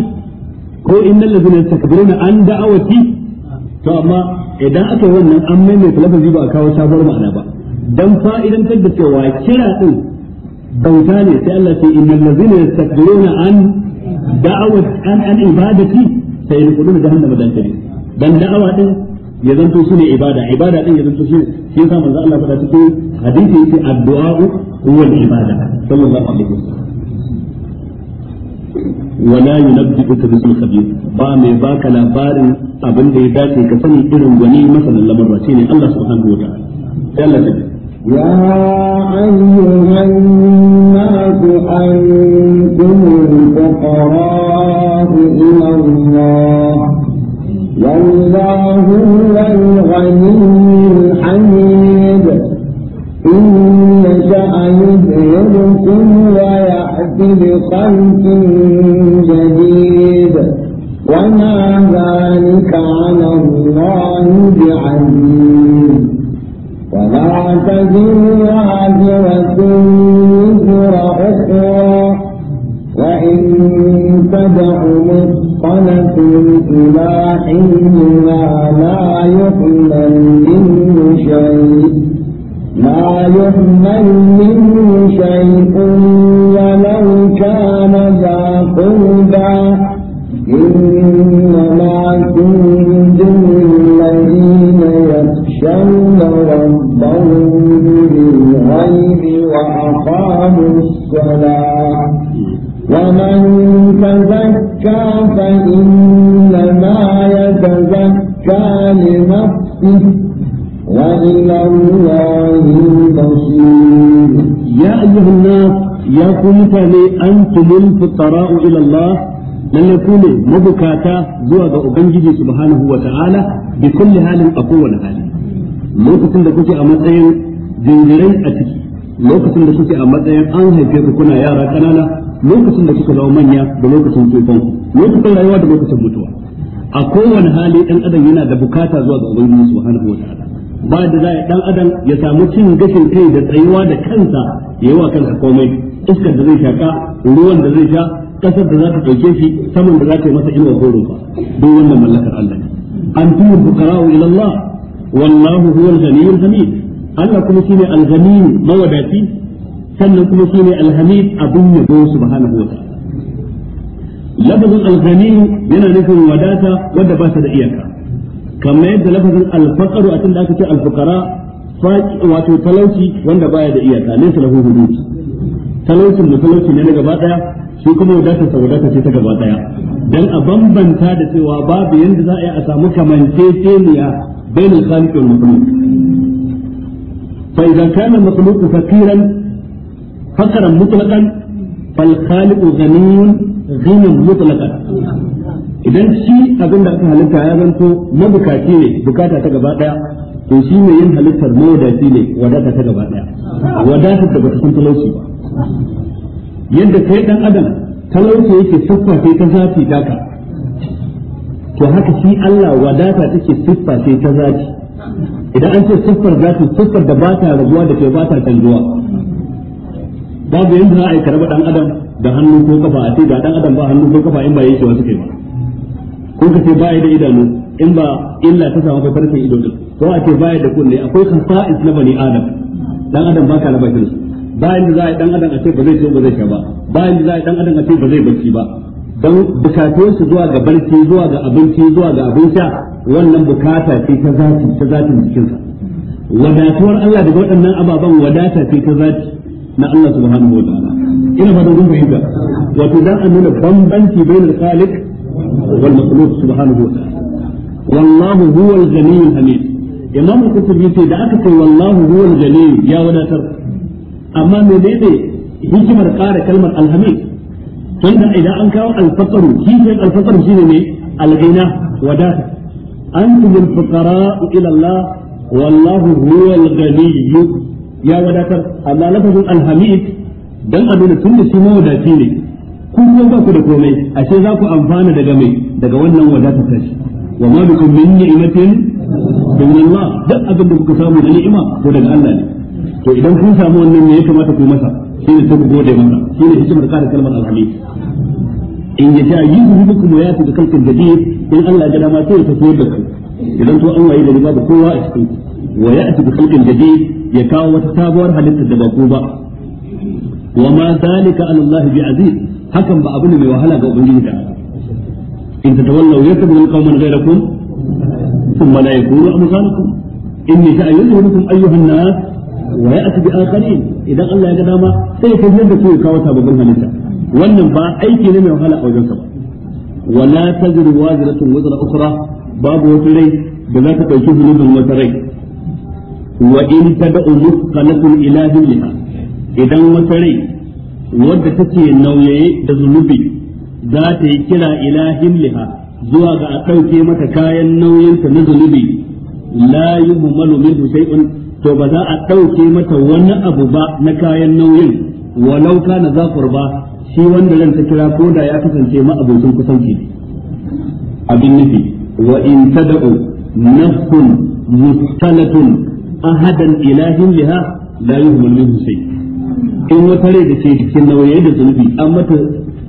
[SPEAKER 1] ko innal ladzina yastakbiruna an da'awati to amma idan aka yi wannan an mai lafazi ba a kawo sabuwar ma'ana ba dan fa'idan da cewa kira din bauta ne sai Allah ce innal ladzina yastakbiruna an da'awat an an ibadati sai yaquluna jahannama dan kare dan da'awa din ya zanto ne ibada ibada din ya zanto shine shi yasa manzo Allah faɗa cikin hadisi yace addu'a huwa ibada sallallahu alaihi wasallam wala yunabbi'uka bil khabir ba mai baka labarin abin da ya dace ka sani irin gwani masalan lamarwa shine Allah subhanahu wa ta'ala sai Allah ta يا أيها
[SPEAKER 2] الناس أنتم الفقراء إلى الله والله الغني الحميد إن شأن يذهبكم ويعلم بعد بخلق جديد وما ذلك على الله بعزيز ولا تزر عذرة وزر أخرى وإن تدع مثقلة إلى ما لا يحمل منه شيء لا يحمل منه
[SPEAKER 1] الفقراء إلى الله lalle ne mabukata zuwa ga ubangiji subhanahu wa ta'ala bi kulli halin a kowane hali lokacin da kuke a matsayin jinjirai a ciki lokacin da kuke a matsayin an haife ku kuna yara kanana lokacin da kuka zama manya da lokacin tsufan lokacin rayuwa da lokacin mutuwa a kowane hali dan adam yana da bukata zuwa ga ubangiji subhanahu wa ta'ala ba da za dan adam ya samu cin gashin da tsayuwa da kansa yayi wa kansa komai iskar da zai shaka ruwan da zai sha kasar da za ta ɗauke shi saman da za ta yi masa inuwa ko rumfa duk wannan mallakar Allah ne antum fuqara'u ila Allah wallahu huwal ghaniyyul hamid Allah kuma shine al-ghaniy mawadati sannan kuma shine al-hamid abun yabo subhanahu wa ta'ala lafazin al-ghaniy yana nufin wadata wadda ba ta da iyaka kamar yadda lafazin al a tun da aka ce al-fuqara wato talauci wanda baya da iyaka laysa lahu hudud talaucin mu talauci ne na gaba daya shi kuma wadatar sa wadata ce ta gaba daya dan a bambanta da cewa babu yanda za a yi a samu kamanceceniya bain al-khaliq wal makhluq fa idan kana al-makhluq fakiran fakaran mutlaqan fal khaliq ghaniyun ghaniyun mutlaqan idan shi abinda da aka halitta ya zanto mabukaci ne bukata ta gaba daya to shi mai yin halittar ne shi ne wadata ta gaba daya wadata da bata san talauci ba yadda kai dan adam talauci yake siffa sai ta zafi daka to haka shi Allah wadata take siffa sai ta zafi idan an ce siffar zafi siffar da ba ta rabuwa da ke ba ta canjuwa babu yanda za a yi dan adam da hannu ko kafa a ce ga dan adam ba hannu ko kafa in ba yake wasu kai ba ko ka ce baya da idanu in ba illa ta samu farkon ido din ko a ce baya da kunne akwai khasa'is na bani adam dan adam baka na bakin bayan da za a dan adam a ce ba zai ci ba zai sha ba bayan da za a dan adam a ce ba zai barci ba dan bukatun su zuwa ga barci zuwa ga abinci zuwa ga abin sha wannan bukata ce ta zati ta zatin jikinsa wadatuwar Allah daga waɗannan ababen wadata ce ta zati na Allah subhanahu wa ta'ala ina fatan kun fahimta wato dan a nuna bambanci bainal khaliq والمخلوق سبحانه وتعالى والله هو الغني الحميد imam al-qurtubi yace da aka ce wallahu huwal jalil ya wadatar amma menene hikimar ƙara kalmar alhamid da idan an kawo al-faqr shi ne al shi ne al-ghina wadata an al-fuqara ila Allah wallahu huwal ghaniy ya wadatar amma lafazin alhamid dan abin tunda shi mawadati ne kun yau ba ku da komai ashe za ku amfana daga mai daga wannan wadata tashi wa ma bikum min ni'matin min Allah duk abin da kuka samu da ni'ima ko daga Allah ne to idan kun samu wannan ne ya kamata ku masa shine sai ku gode masa shi ne hikimar kada kalmar alhamid in ya yasha yuhibbukum wa yati bi khalqin jadid in Allah ya dama sai ya tafi da kai idan to Allah ya dama da kowa a cikin wa ya bi kalkin jadid ya kawo wata sabuwar halitta da ba ku ba wa ma zalika ala Allah bi aziz hakan ba abu ne mai wahala ga ubangiji da in tatawallaw yasbu qauman ghayrakum thumma la yakunu amsalakum inni ta'ayyunukum ayyuhan nas wa ya'ti bi akharin idan Allah ya ga dama sai ka yadda ke kawo sababbin halitta wannan ba aiki ne mai wahala a wajen sa ba wala taziru waziratun wazra ukhra babu wata rai da za ta dauki zulubin wata rai wa in tad'u musqalatun ila dhilliha idan wata rai wadda take nauyaye da zunubi za ta yi kira ila himliha zuwa ga a ɗauke mata kayan nauyinta na zunubi la yuhmalu minhu shay'un to ba za a ɗauke mata wani abu ba na kayan nauyin walau kana za ba shi wanda ran ta kira ko da ya kasance ma abincin kusan kusanci abin nufi wa in tad'u nafsun mustalatun ahadan ilahin liha la yuhmalu minhu shay'un in wata rai da ke cikin nauyi da zunubi an mata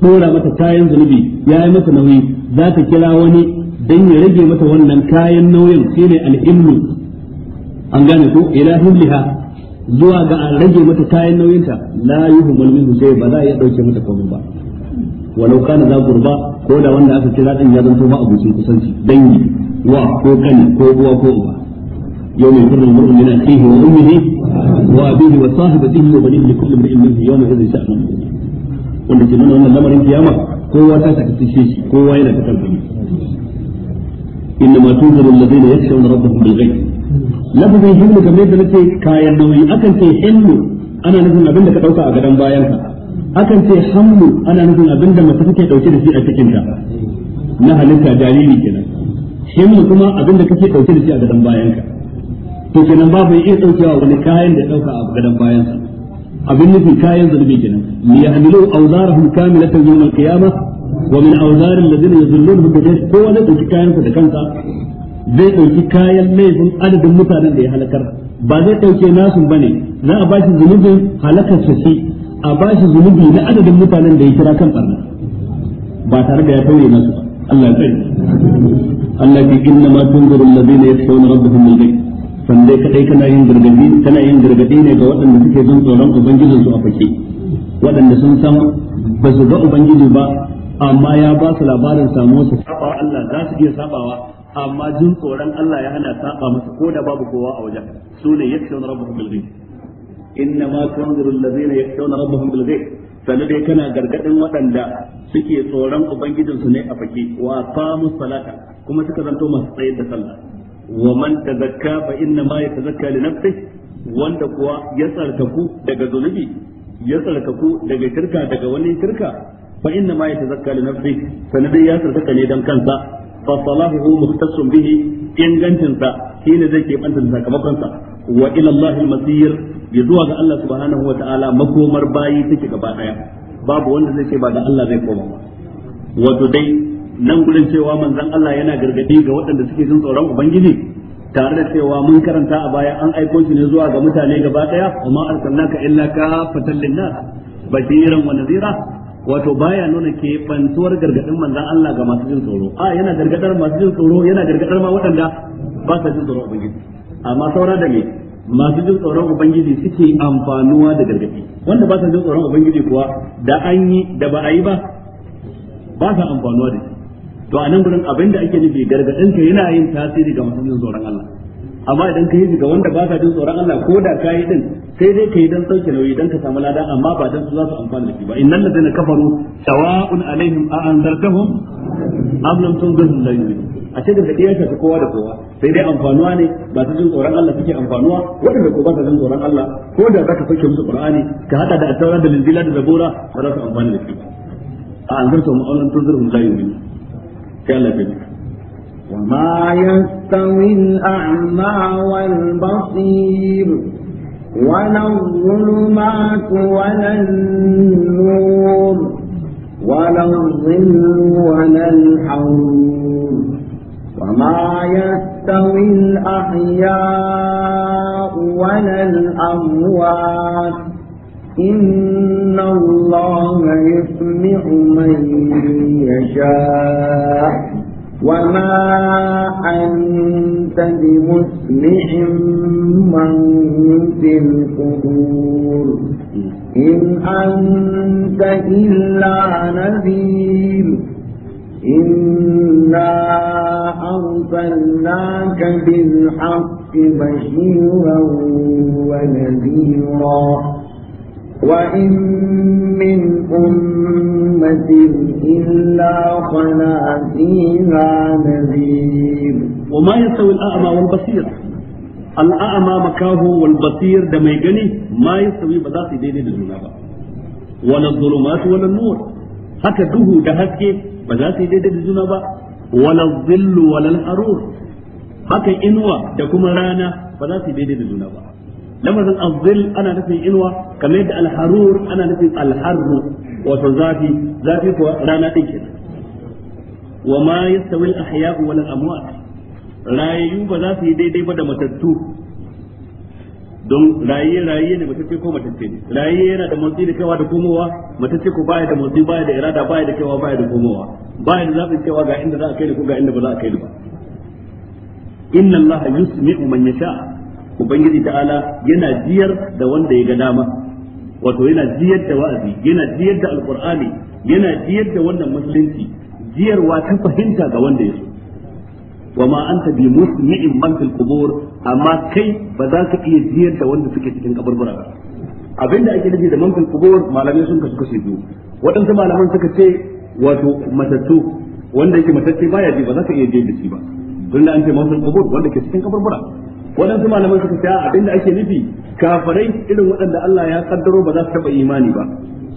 [SPEAKER 1] dora mata kayan zunubi ya yi mata nauyi za ta kira wani dan ya rage mata wannan kayan nauyin shine al'immu an gane ko ila himliha zuwa ga an rage mata kayan nauyinta la yuhmul minhu sai ba za a iya dauke mata komai ba walau kana za gurba ko da wanda aka kira din ya zanto ma abucin kusanci dangi wa ko kani ko uwa ko uba yau mai sirrin mu'min min akhihi wa ummihi وأبيه وصاحبته وبنيه لكل امرئ منهم يومئذ شأن wanda ke nuna wannan lamarin kiyama kowa ta saka shi kowa yana ta kalbi inna ma alladhina yakhshawna rabbahum bil ghaib lafazin hilmu kamar yadda kayan nauyi akan ce hilmu ana nufin abin da ka dauka a gadan bayan ka akan ce hamlu ana nufin abin da mace take dauke da shi a cikin ta na halitta jariri kenan hilmu kuma abin da kake dauke da shi a gadan bayan ka to kenan bai iya daukewa wani kayan da dauka a gadan bayansa abin nufi kayan zalbi kenan li yahmilu awzarahum kamilatan yawm al-qiyamah wa min awzar alladhina yadhunnuhum bi ko wani dauki kayansa da kansa zai dauki kayan laifin adadin mutanen da ya halakar ba zai dauke nasu bane za a bashi zunubin halakar shi a bashi zunubi na adadin mutanen da ya kira kan barna ba tare da ya tauye nasu ba Allah ya tsare Allah ya inna ma tunzuru alladhina yakhshawna rabbahum bil ghaib sandai kadai kana yin gargadi kana yin gargadi ne ga waɗanda suke jin tsoron ubangijin su a fake waɗanda sun san ba su ga ubangiji ba amma ya ba su labarin samu su saba Allah za su iya sabawa amma jin tsoron Allah ya hana saba masa ko da babu kowa a wajen su ne yakshawna rabbuhum bil ghaib inna ma tunziru allazina yakshawna rabbuhum bil ghaib sannan dai kana gargadin waɗanda suke tsoron ubangijinsu ne a fake wa qamu salata kuma suka zanto masu tsayar da sallah wa man tazakka fa inna ma wanda kuwa ya tsarkaku daga zunubi ya tsarkaku daga shirka daga wani shirka fa inna ma yatazakka li nafsihi sanadai ya tsarkaka ne dan kansa fa salahuhu muhtasun bihi ingancin sa shine zai ke banta sakamakon sa wa ila Allah al-masir ya zuwa ga Allah subhanahu wa ta'ala makomar bayi take gaba daya babu wanda zai ce ba da Allah zai koma wato dai nan gudun cewa manzan Allah yana gargadi ga waɗanda suke jin tsoron ubangiji tare da cewa mun karanta a baya an aiko shi ne zuwa ga mutane gaba Kuma amma ka illa ka kafatan linnas bashiran wa zira? wato baya nuna ke bantuwar gargadin manzan Allah ga masu jin tsoro a yana gargadar masu jin tsoro yana gargadar ma waɗanda ba sa jin tsoron ubangiji amma saura da me masu jin tsoron ubangiji suke amfanuwa da gargadi wanda ba sa jin tsoron ubangiji kuwa da an yi da ba a yi ba ba sa amfanuwa da shi to a nan gurin abinda ake nufi gargadin ka yana yin tasiri ga masu jin tsoron Allah amma idan ka yi ga wanda ba ka jin tsoron Allah ko da ka yi din sai dai ka yi dan sauke nauyi dan ka samu lada amma ba dan su za su amfana da shi ba innal ladina kafaru sawa'un alaihim a anzartahum am lam tunzir la a ce da ya shafi kowa da kowa sai dai amfanuwa ne ba ta jin tsoron Allah suke amfanuwa waɗanda ko ba ta jin tsoron Allah ko da za ka sauke musu Qur'ani ka hada da at da Linjila da Zabura ba za su amfana da shi ba a anzartahum am lam tunzir la yu'minun كلب وما
[SPEAKER 2] يستوي الأعمى والبصير ولا الظلمات ولا النور ولا الظل ولا الحرور وما يستوي الأحياء ولا الأموات إن الله يسمع من يشاء وما أنت بمسمع من في القبور إن أنت إلا نذير إنا أرسلناك بالحق بشيرا ونذيرا وإن من أمة إلا
[SPEAKER 1] خلا فيها نذير وما يستوي الأعمى والبصير الأعمى مكاه والبصير دم ما يجني ما يستوي بذات دين الجنابة ولا الظلمات ولا النور حتى duhu da haske ba za su ولا daidai da juna ba wala zillu wala harur haka inuwa da kuma rana ba za su daidai da juna ba lafazin azzil ana nufin inuwa kamar yadda alharur ana nufin alharru wato zafi zafi kuwa rana din kenan wa ma yastawi al-ahya'u wal amwat rayu ba za su yi daidai ba da matattu don raye raye ne matacce ko matacce ne raye yana da motsi da kaiwa da komowa matacce ko baya da motsi baya da irada baya da kaiwa baya da komowa baya da zaɓin cewa ga inda za a kai ni ko ga inda ba za a kai ni ba inna allaha yusmi'u man yasha ubangiji ta'ala yana jiyar da wanda ya ga dama wato yana jiyar da wa'azi yana jiyar da alqur'ani yana jiyar da wannan musulunci jiyarwa ta fahimta ga wanda ya so wa ma anta bi musmi'in man fil qubur amma kai ba za ka iya jiyar da wanda suke cikin kaburbura ba abinda ake nufi da man fil qubur malamai sun kasu kashe biyu waɗansu malaman suka ce wato matattu wanda yake matacce baya ji ba za ka iya jiyar da shi ba tunda an ce man fil qubur wanda ke cikin kaburbura waɗansu malamai suka ce abin da ake nufi kafarai irin waɗanda Allah ya kaddaro ba za su taɓa imani ba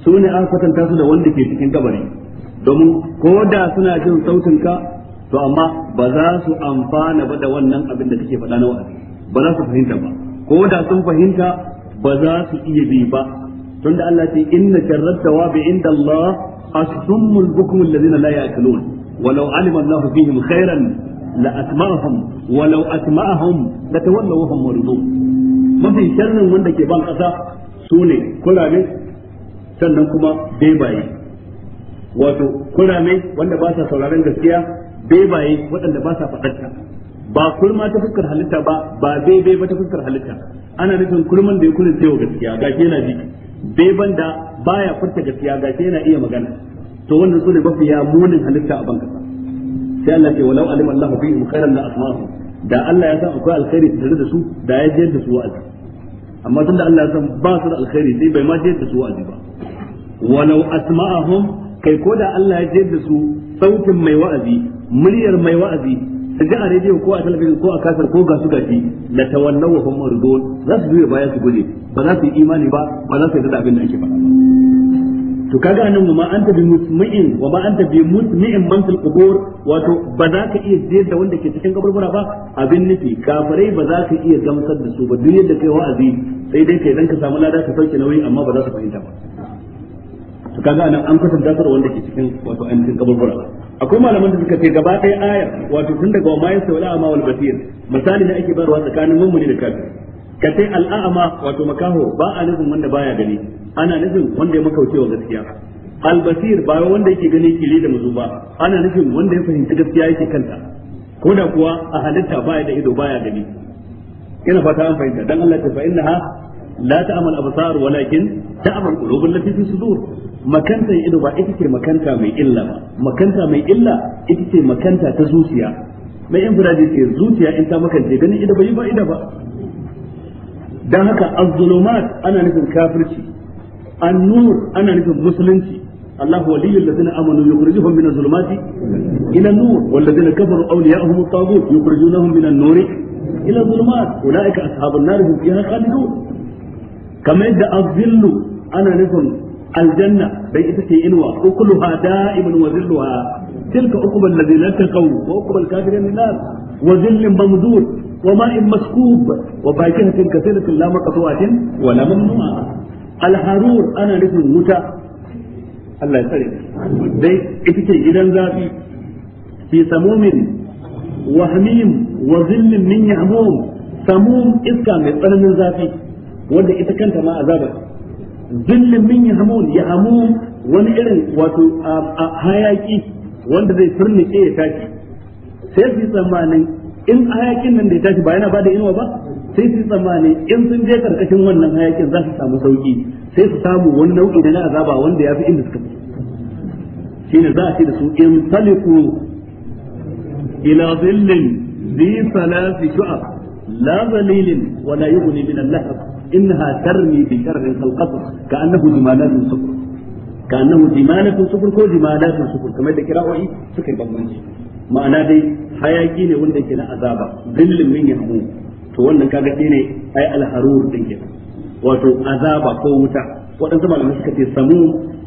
[SPEAKER 1] su ne an kwatanta su da wanda ke cikin kabari domin ko da suna jin sautin ka to amma ba za su amfana ba da wannan abin da kake faɗa na wa'azi ba za su fahimta ba ko da sun fahimta ba za su iya bi ba tunda Allah ce inna jarrata wa bi inda Allah asdummul bukumul ladina la ya'kulun walau alima Allah fihim khairan la asma'ahum walau asma'ahum la tawallaw hum muridun mafi sharrin wanda ke ban kasa sune kurame sannan kuma bebaye wato kurame wanda ba sa sauraron gaskiya bebaye waɗanda ba sa faɗarta ba kulma ta fuskar halitta ba ba bebe ba ta fuskar halitta ana nufin kulman da ya kurin cewa gaskiya gashi yana ji beban da baya furta gaskiya gashi na iya magana to wannan sune ba ya munin halitta a ban sai Allah ce walau alim Allah fi khairan la asma'u da Allah ya san akwai alkhairi tare da su da ya jiyar da su wa'azi amma tunda Allah ya san ba su da alkhairi sai bai ma jiyar da su wa'azi ba walau asma'ahum kai ko da Allah ya jiyar da su sautin mai wa'azi muryar mai wa'azi su ji a rediyo ko a talabijin ko a kasar ko gasu gashi la tawallaw hum mardun za su juya baya su gode ba za su yi imani ba ba za su yi da abin da ake faɗa ba to kaga anan ma anta bi musmi'in wa ma anta bi musmi'in man fil qubur wato ba za ka iya jiyar da wanda ke cikin kaburbura ba abin nufi kafirai ba za ka iya gamsar da su ba duk yadda kai wa'azi sai dai kai dan ka samu lada ka sauke nauyi amma ba za su fahimta ba to kaga anan an kwatanta da wanda ke cikin wato an cikin kaburbura akwai malaman da suka ce gaba ɗaya ayar wato tun daga wa mayin saula ma wal basir misali ne ake bayarwa tsakanin mummuni da kafir ka ce al'a'ama wato makaho ba a nufin wanda baya gani ana nufin wanda ya makaucewa gaskiya albasir ba wanda yake gani kile da mazu ba ana nufin wanda ya fahimci gaskiya yake kanta ko da kuwa a halitta baya da ido baya gani ina fata an fahimta dan Allah ta fa innaha la ta'mal absar walakin ta'mal qulubul lati fi sudur makanta ido ba ita ce makanta mai illa ba makanta mai illa ita ce makanta ta zuciya mai infiraji ce zuciya in ta makance ganin ido bai ba ido ba dan haka az-zulumat ana nufin kafirci النور انا nufin مسلمتي الله ولي الذين امنوا يخرجهم من الظلمات الى النور والذين كفروا اولياءهم الطاغوت يخرجونهم من النور الى الظلمات اولئك اصحاب النار هم فيها خالدون كما يدعى الظل انا لكم الجنه بيتك انوى اكلها دائما وظلها تلك عقبى الذين تلقوا وعقبى الكافرين النار وظل ممدود وماء مسكوب وفاكهه كثيره لا مقطوعه ولا ممنوعه alharur ana nufin wuta Allah ya tsare dai ita ce gidan zafi fi samumin wa hamim wa zillin min ya'mum samum iska mai tsananin zafi wanda ita kanta ma azaba zillin min ya'mun ya'mum wani irin wato hayaki wanda zai furnike ya tashi sai fi tsammanin in hayakin nan da ya tashi ba yana bada inuwa ba sai su tsammani in sun je karkashin wannan hayakin za su samu sauki sai su samu wani nau'i na azaba wanda ya fi inda suka fito shine za a ce da su in taliku ila zillin ذي ثلاث شعب لا ظليل ولا يغني من اللهب إنها ترمي بشرر كالقصر كأنه جمالات صفر كأنه جمالة صفر كو جمالات صفر كما يدى كراوعي سكر bambanci, ma'ana dai حياكي ne wanda yake na azaba zillin min yahmu to wannan kaga shi ne ai alharur din ke, wato azaba ko wuta waɗansu malamai suka ce samu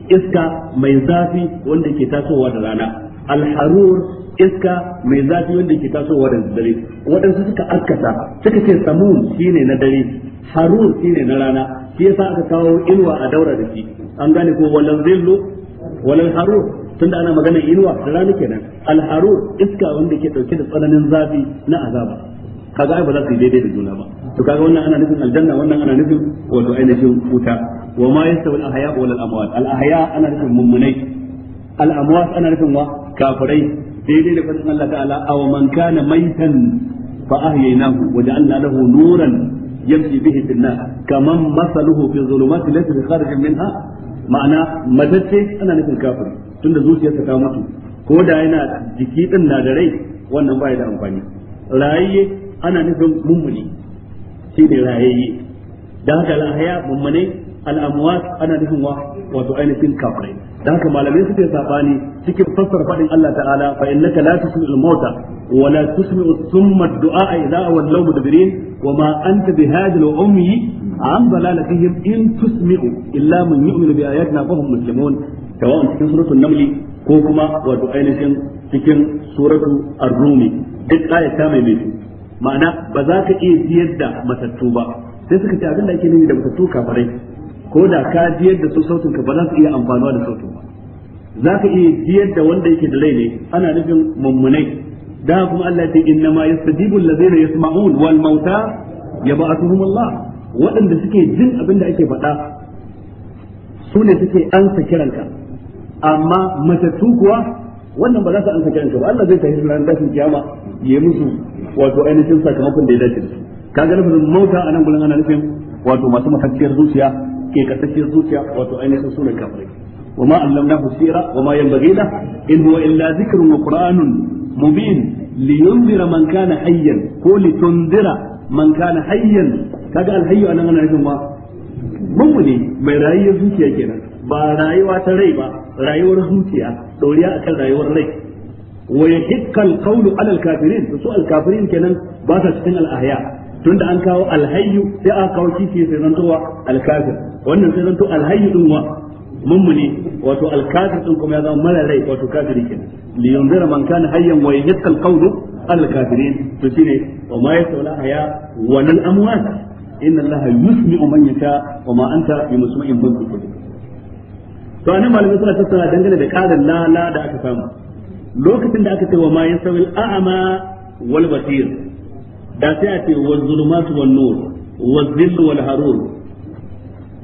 [SPEAKER 1] iska mai zafi wanda ke tasowa da rana alharur iska mai zafi wanda ke tasowa da dare waɗansu suka askasa suka ce samu shine na dare harur shine na rana shi yasa aka kawo inuwa a daura da shi an gane ko wannan zillu wannan harur tunda ana magana inuwa da rana kenan al harur iska wanda ke dauke da tsananin zafi na azaba kaga ai ba za su yi daidai da juna ba to kaga wannan ana nufin aljanna wannan ana nufin wato ainihin wuta wa ma yastawi al-ahya wal amwat al-ahya ana nufin mummunai al-amwat ana nufin wa kafirai daidai da fadin Allah ta'ala aw man kana maitan fa ahyaynahu wa ja'alna lahu nuran yamshi bihi fil nas kaman masaluhu fi dhulumati laysa bi kharijin minha ma'ana matacce ana nufin kafiri tunda zuciyarsa ta mutu ko da yana jiki din na da rai wannan bai da amfani rayayye ana nufin mummuni shi ne rayayye da haka lahaya mummune al'amuwat ana nufin wa wato ainihin kafirai da haka malamai suke sabani cikin fassara fadin Allah ta'ala fa innaka la tusmi'ul mauta wa la tusmi'u thumma du'a idza wallaw mudbirin wa ma anta bihadil ummi an dalalatihim in tusmi'u illa man yu'minu bi ayatina fa hum muslimun sawa'un cikin suratul namli ko kuma wato ainihin cikin suratu ar-rumi duk ayata mai mai ma'ana ba za ka iya siyar da matattu ba sai suka ce abin da ake nufi da matattu kafarai ko da ka jiyar da su sautin ka ba za su iya amfanuwa da sautin ba za ka iya jiyar da wanda yake da rai ne ana nufin mummunai da kuma Allah ya ce inna ma yastajibu allazina yasma'un wal mauta yab'athuhum Allah waɗanda suke jin abin da ake faɗa su ne suke ansa kiranka amma matattu kuwa wannan ba za su ansa kiranka ba Allah zai tafi ran dashin kiyama ya musu wato ainihin sakamakon da ya dace da su kaga nufin mauta a nan gurin ana nufin wato masu mahacciyar zuciya ke kasasshiyar zuciya wato ainihin sunan kafirai وما علمناه السيرة وما ينبغي له إن هو إلا ذكر وقرآن مبين لينذر من كان حيا هو لتنذر من كان حيا كذا الحي أنا أنا أجمع mummuni mai rayuwar zuciya kenan ba rayuwa ta rai ba rayuwar zuciya doriya akan rayuwar rai wa yahiqqa al-qawlu ala al-kafirin su al-kafirin kenan ba sa cikin al-ahya tunda an kawo al sai aka kawo kishi sai zantowa al wannan sai zanto al din wa mummuni wato al-kafir din kuma ya zama mara rai wato kafiri kenan li yunzira man kana hayyan wa yahiqqa al-qawlu ala al-kafirin to shine wa ma yasawla ahya wa lil amwat inna allaha yusmi'u man yasha wa ma anta bi musmi'in man kulli to anan malamai suna tattauna dangane da karin lala da aka samu lokacin da aka ce wa ma yasawil a'ma wal basir da sai a ce wal zulumat wan nur wal zill wal harur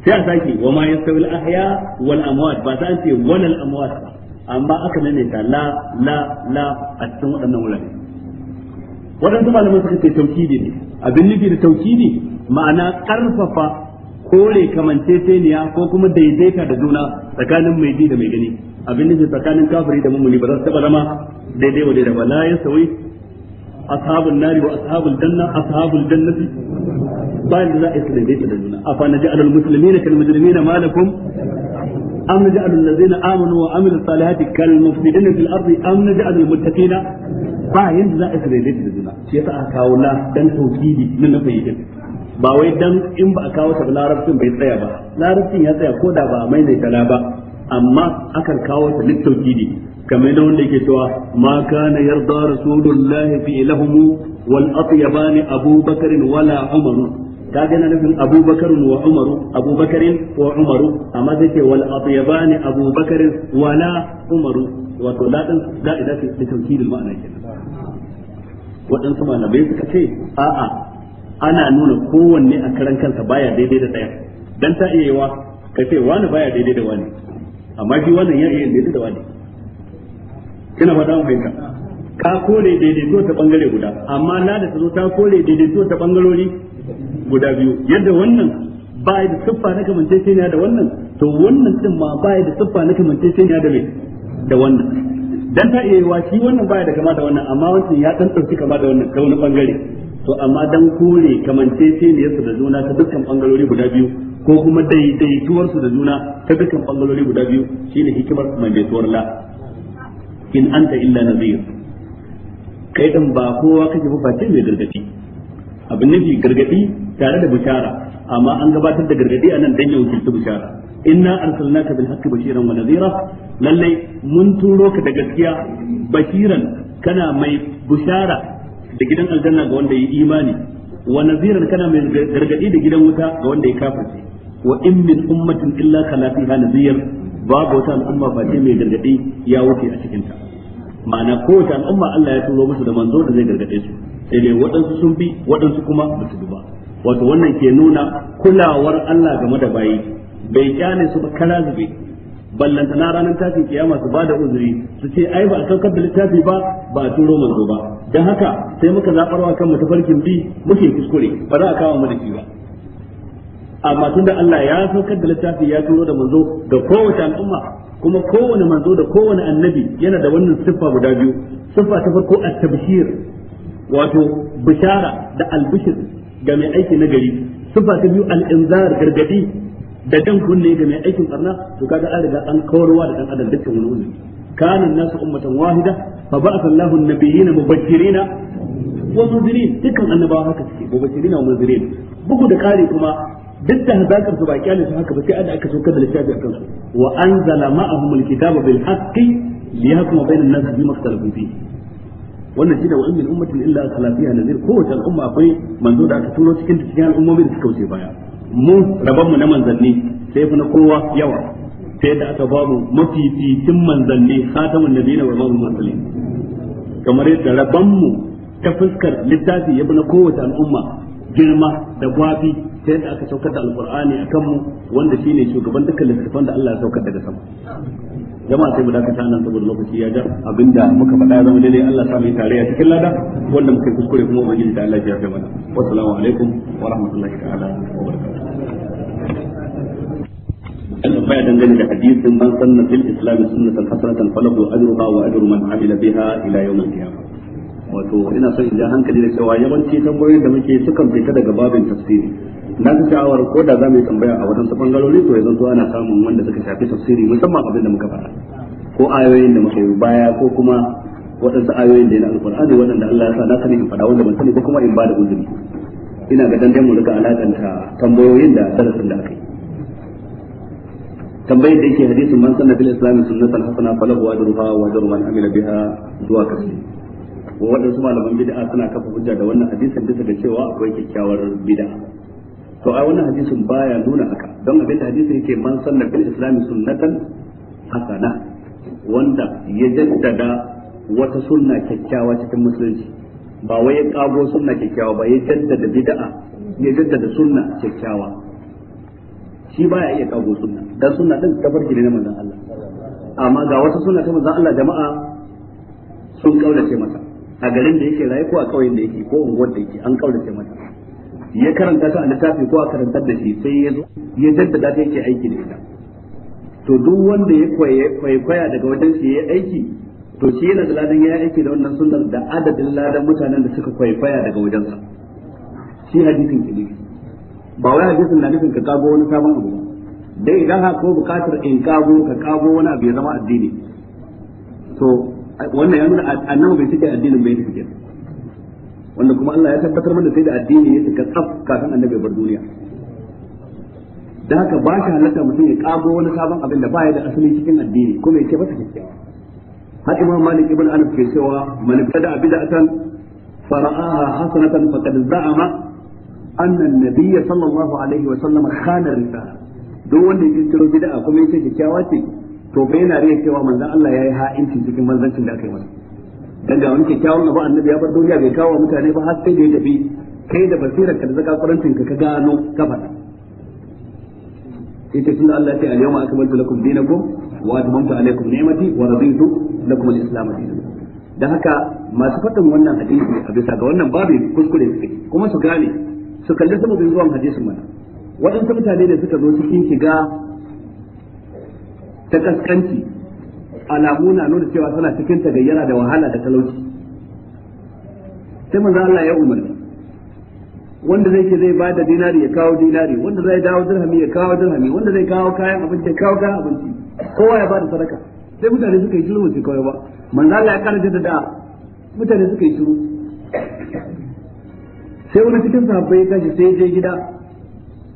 [SPEAKER 1] sai a sake wa ma yasawil ahya wal amwat ba sai an ce wal amwat ba amma aka nane ta la la la a cikin waɗannan wurare waɗansu malamai suka ce tauhidi ne abin nufi da tauhidi ma'ana karfafa kore kamanceceniya ko kuma daidaita da juna tsakanin mai ji da mai gani abin da tsakanin kafiri da mummuni ba za su taba zama daidai wa daidai ba la ya sawi ashabul nari wa ashabul janna ashabul jannati ba da za a yi daidaita da juna afa na ja'alul muslimina kal mujrimina malakum am naj'alul ladzina amanu wa amilus salihati kal mufsidina fil ardi am naj'alul muttaqina ba yanda za a yi daidaita da juna shi yasa aka kawo la dan tauhidi nan na fahimta ba wai dan in ba a kawo ta larabcin bai tsaya ba larabcin ya tsaya ko da ba a maimaita la ba amma akan kawo ta littauhidi kamar yadda wanda yake cewa ma kana yarda rasulullahi fi lahum wal atyabani abubakar wala umar ka gana nufin abubakarin wa umaru abubakarin wa umaru amma zai ce wal atyabani abubakarin wala umaru wato ladin da idan ke tauhidul ma'ana kenan waɗansu malamai suka ce a'a ana nuna kowanne a karan kansa baya daidai da ɗaya dan ta iya yawa ka ce wani baya daidai da wani amma shi wannan ya iya daidai da wani kina fata mu fahimta ka kore daidai zuwa ta bangare guda amma na da tazo ta kore daidai zuwa ta bangarori guda biyu yadda wannan ba da siffa na kamanceceniya da wannan to wannan din ma ba da siffa na kamanceceniya da mai da wannan dan ta iya wa shi wannan baya da kama da wannan amma wancan ya dan dauki kama da wannan ta wani bangare to amma dan kore kamanceceniyarsu da juna ta dukkan bangarori guda biyu ko kuma daidaituwarsu da juna ta dukkan bangarori guda biyu shine hikimar tuwar la in anta illa nazir kai dan ba kowa kake ba face mai gargadi abin nufi gargadi tare da bishara amma an gabatar da gargadi a nan dan yau wuce bishara inna arsalnaka bil haqqi bashiran wa nadhira lallai mun turo ka da gaskiya bashiran kana mai bushara da gidan aljanna ga wanda ya imani wa naziran kana mai gargadi da gidan wuta ga wanda ya kafirce wa in min ummatin illa kala fiha nazir babu wata al'umma ba ce mai gargadi ya wuce a cikin ta ma'ana kowace al'umma Allah ya turo musu da manzo da zai gargade su sai dai waɗansu sun bi waɗansu kuma ba su duba wato wannan ke nuna kulawar Allah game da bayi bai kyane su ba kara zube ballanta na ranar tashin kiyama su bada uzuri su ce ai ba a saukar da littafi ba ba a turo manzo ba don haka sai muka zabarwa kan mu tafarkin bi muke kuskure ba za a kawo mu da ba amma da Allah ya saukar da littafi ya turo da manzo ga kowace al'umma kuma kowane manzo da kowane annabi yana da wannan siffa guda biyu siffa ta farko at-tabshir wato bishara da albishir ga mai aiki nagari siffa ta biyu al-inzar gargadi da dan kunne ga mai aikin barna to kaga an riga an kawarwa da dan adam dukkan wani wuri kana nasu ummatan wahida fa ba'atha Allahu an-nabiyina mubashirina wa munzirin dukkan annabawa haka suke mubashirina wa munzirin bugu da kare kuma duk da hazakar su ba kyale su haka ba sai aka so kada littafi a kansu wa anzala ma'ahum al-kitaba bil haqqi liyahkuma bainan nas bima ikhtalafu fi wannan shine wa min ummatin illa salafiha nazir kowace al'umma akwai manzo da aka turo cikin cikin al'ummomi da suka wuce baya mu rabon mu na manzanni sai fa na kowa yawa sai da aka bamu mafificin manzanni khatamun nabiyina wa imamul mursalin kamar yadda rabon mu ta fuskar littafi ya fi na kowace al'umma girma da gwafi sai da aka saukar da alqur'ani akan mu wanda shine shugaban dukkan littafan da Allah ya saukar daga sama jama'a sai mu dakata nan saboda lokaci ya ja abinda muka faɗa zama daidai Allah sa mu yi tarayya cikin lada wanda muka yi kuskure kuma ubangiji da Allah ya yafe mana wassalamu alaikum wa rahmatullahi ta'ala wa
[SPEAKER 4] barakatuh
[SPEAKER 1] baya dangane da hadisin man sanna fil islam sunnatan hasanatan falahu ajruha wa ajru man amila biha ila yawm al wato ina son in ja hankali da cewa yawanci tambayoyin da muke sukan fita daga babin tafsiri na fi shawar ko da za mu yi tambaya a wadansu bangarori to ya to ana samun wanda suka shafi tafsiri musamman abin da muka fara, ko ayoyin da muka yi baya ko kuma waɗansu ayoyin da yana alƙur'ani waɗanda Allah ya sa na sani in faɗa wanda ban sani ko kuma in ba da uzuri ina ga dandamu daga rika alaƙanta tambayoyin da darasin da aka yi tambayar da yake hadisin man sanna fil islam sunnatan hasana falahu ajruha wa ajru man amila biha zuwa Wa waɗansu malaman bid'a suna kafa hujja da wannan hadisin bisa ga cewa akwai kyakkyawar bid'a to a wannan hadisin baya nuna haka don abin da hadisin yake man sanna bil islami sunnatan hasana wanda ya jaddada wata sunna kyakkyawa cikin musulunci ba wai ya kago sunna kyakkyawa ba ya jaddada bid'a ya jaddada sunna kyakkyawa shi baya iya kago sunna dan sunna din tafarki ne na manzon Allah amma ga wata sunna ta manzon Allah jama'a sun kaulace mata a garin da yake rayuwa ko a kauyen da yake ko unguwar da yake an kaulace mata ya karanta ta a littafi ko a karantar da shi sai ya zo ya jaddada ta yake aiki da ita to duk wanda ya kwaikwaya daga wajen shi ya aiki to shi yana da ladan ya aiki da wannan sunnar da adadin ladan mutanen da suka kwaikwaya daga wajensa shi hadisin kilifi ba wai hadisin na nufin ka kago wani sabon abu dai idan ha ko bukatar in kago ka kago wani abu ya zama addini to wannan ya nuna annabi bai cike addinin bai tafi kenan wanda kuma Allah ya tabbatar mana sai da addini ya cika tsaf kafin annabi bar duniya da haka ba shi halatta mutum ya kago wani sabon abin da ba ya da asali cikin addini kuma ya ce ba su kyakkyawa har imam malik ibn anas ke cewa man da bid'atan fara'aha hasanatan faqad za'ama anna an-nabiyya sallallahu alaihi wa sallam khana risala duk wanda ya kiro bid'a kuma ya ce kyakkyawa ce to bai na riya cewa manzon Allah yayi ha'inci cikin manzancin da aka yi masa dan ga wani kyakkyawan abu annabi ya bar duniya bai kawo mutane ba har sai da ya tafi kai da basirar ka da zaka kurancin ka ka gano ka faɗa yace tun da Allah ya ce al-yawma akmaltu lakum dinakum wa atmamtu alaykum ni'mati wa raditu lakum al-islam dinan dan haka masu fatan wannan hadisi a bisa ga wannan babu kuskure suke kuma su gane su kalli sababin zuwan hadisin mana waɗansu mutane da suka zo cikin shiga ta kaskanci alamu na nuna cewa suna cikin tagayyara da wahala da talauci sai manzo Allah ya umarni wanda zai ce zai bada dinari ya kawo dinari wanda zai dawo dirhami ya kawo dirhami wanda zai kawo kayan abinci ya kawo kayan abinci kowa ya bada sadaka sai mutane suka yi shiru su kawai ba manzo Allah ya karanta da mutane suka yi shiru sai wani cikin sahabbai ya tashi sai ya je gida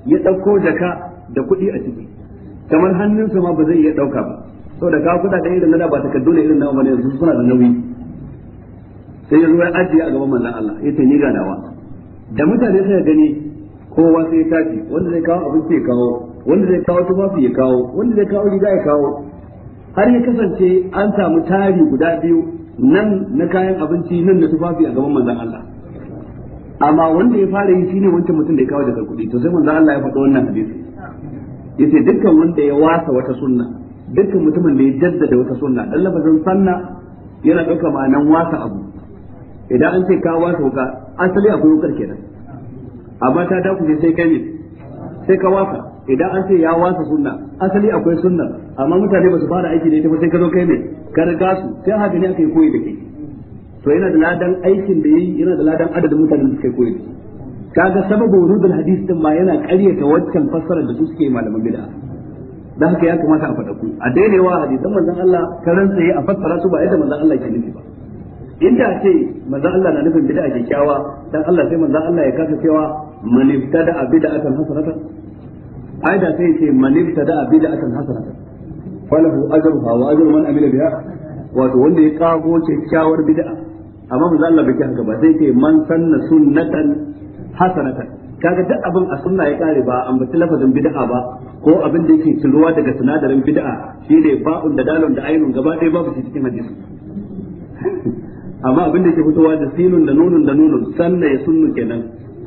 [SPEAKER 1] ya dauko jaka da kuɗi a ciki kamar hannunsa ma ba zai iya dauka ba saboda ka kuɗaɗe irin na da ba takardu ne irin na ba yanzu suna da nauyi sai ya zo ya ajiye a gaban manzon Allah ya ni ga dawa da mutane sai gani kowa sai ya tafi. wanda zai kawo abinci ya kawo wanda zai kawo tufafi ya kawo wanda zai kawo riga ya kawo har ya kasance an samu tari guda biyu nan na kayan abinci nan na tufafi a gaban manzon Allah amma wanda ya fara yi shine wancan mutum da ya kawo daga kuɗi to sai manzon Allah ya faɗa wannan hadisi yace dukkan wanda ya wasa wata sunna dukkan mutumin da ya jaddada wata sunna dan lafazin sanna yana ɗauka ma'anan wasa abu idan an ce ka wasa wuka asali akwai wukar kenan amma ta da ne sai kai ne sai ka wasa idan an ce ya wasa sunna asali akwai sunna amma mutane ba su fara aiki da ita ba sai ka zo kai ne ka riga su sai haka ne aka yi koyi da ke. to yana da ladan aikin da yayi yana da ladan adadin mutanen da suka koyi kaga sababin rudul hadis din ma yana ƙaryata waccan fassarar da su suke malaman bid'a dan haka ya kamata a faɗa ku a dainewa hadisan manzon Allah karan tsaye a fassara su ba yadda manzon Allah ke nufi ba inda ce manzon Allah na nufin bid'a kyakkyawa dan Allah sai manzon Allah ya kasa cewa man ibtada bid'atan hasanatan ai da sai ce man ibtada bid'atan hasanatan falahu ajruha wa ajru man amila biha wato wanda ya kago kyakkyawar bid'a amma manzon Allah bai haka ba sai ce man sanna sunnatan hasanatan kaga duk abin a sunna ya kare ba an bace lafazin bid'a ba ko abin da yake tilwa daga sinadarin bid'a shine ba'un da dalon da ainun gaba ɗaya babu shi cikin hadisi amma abin da yake fitowa da sinun da nunun da nunun sannan ya sunnu kenan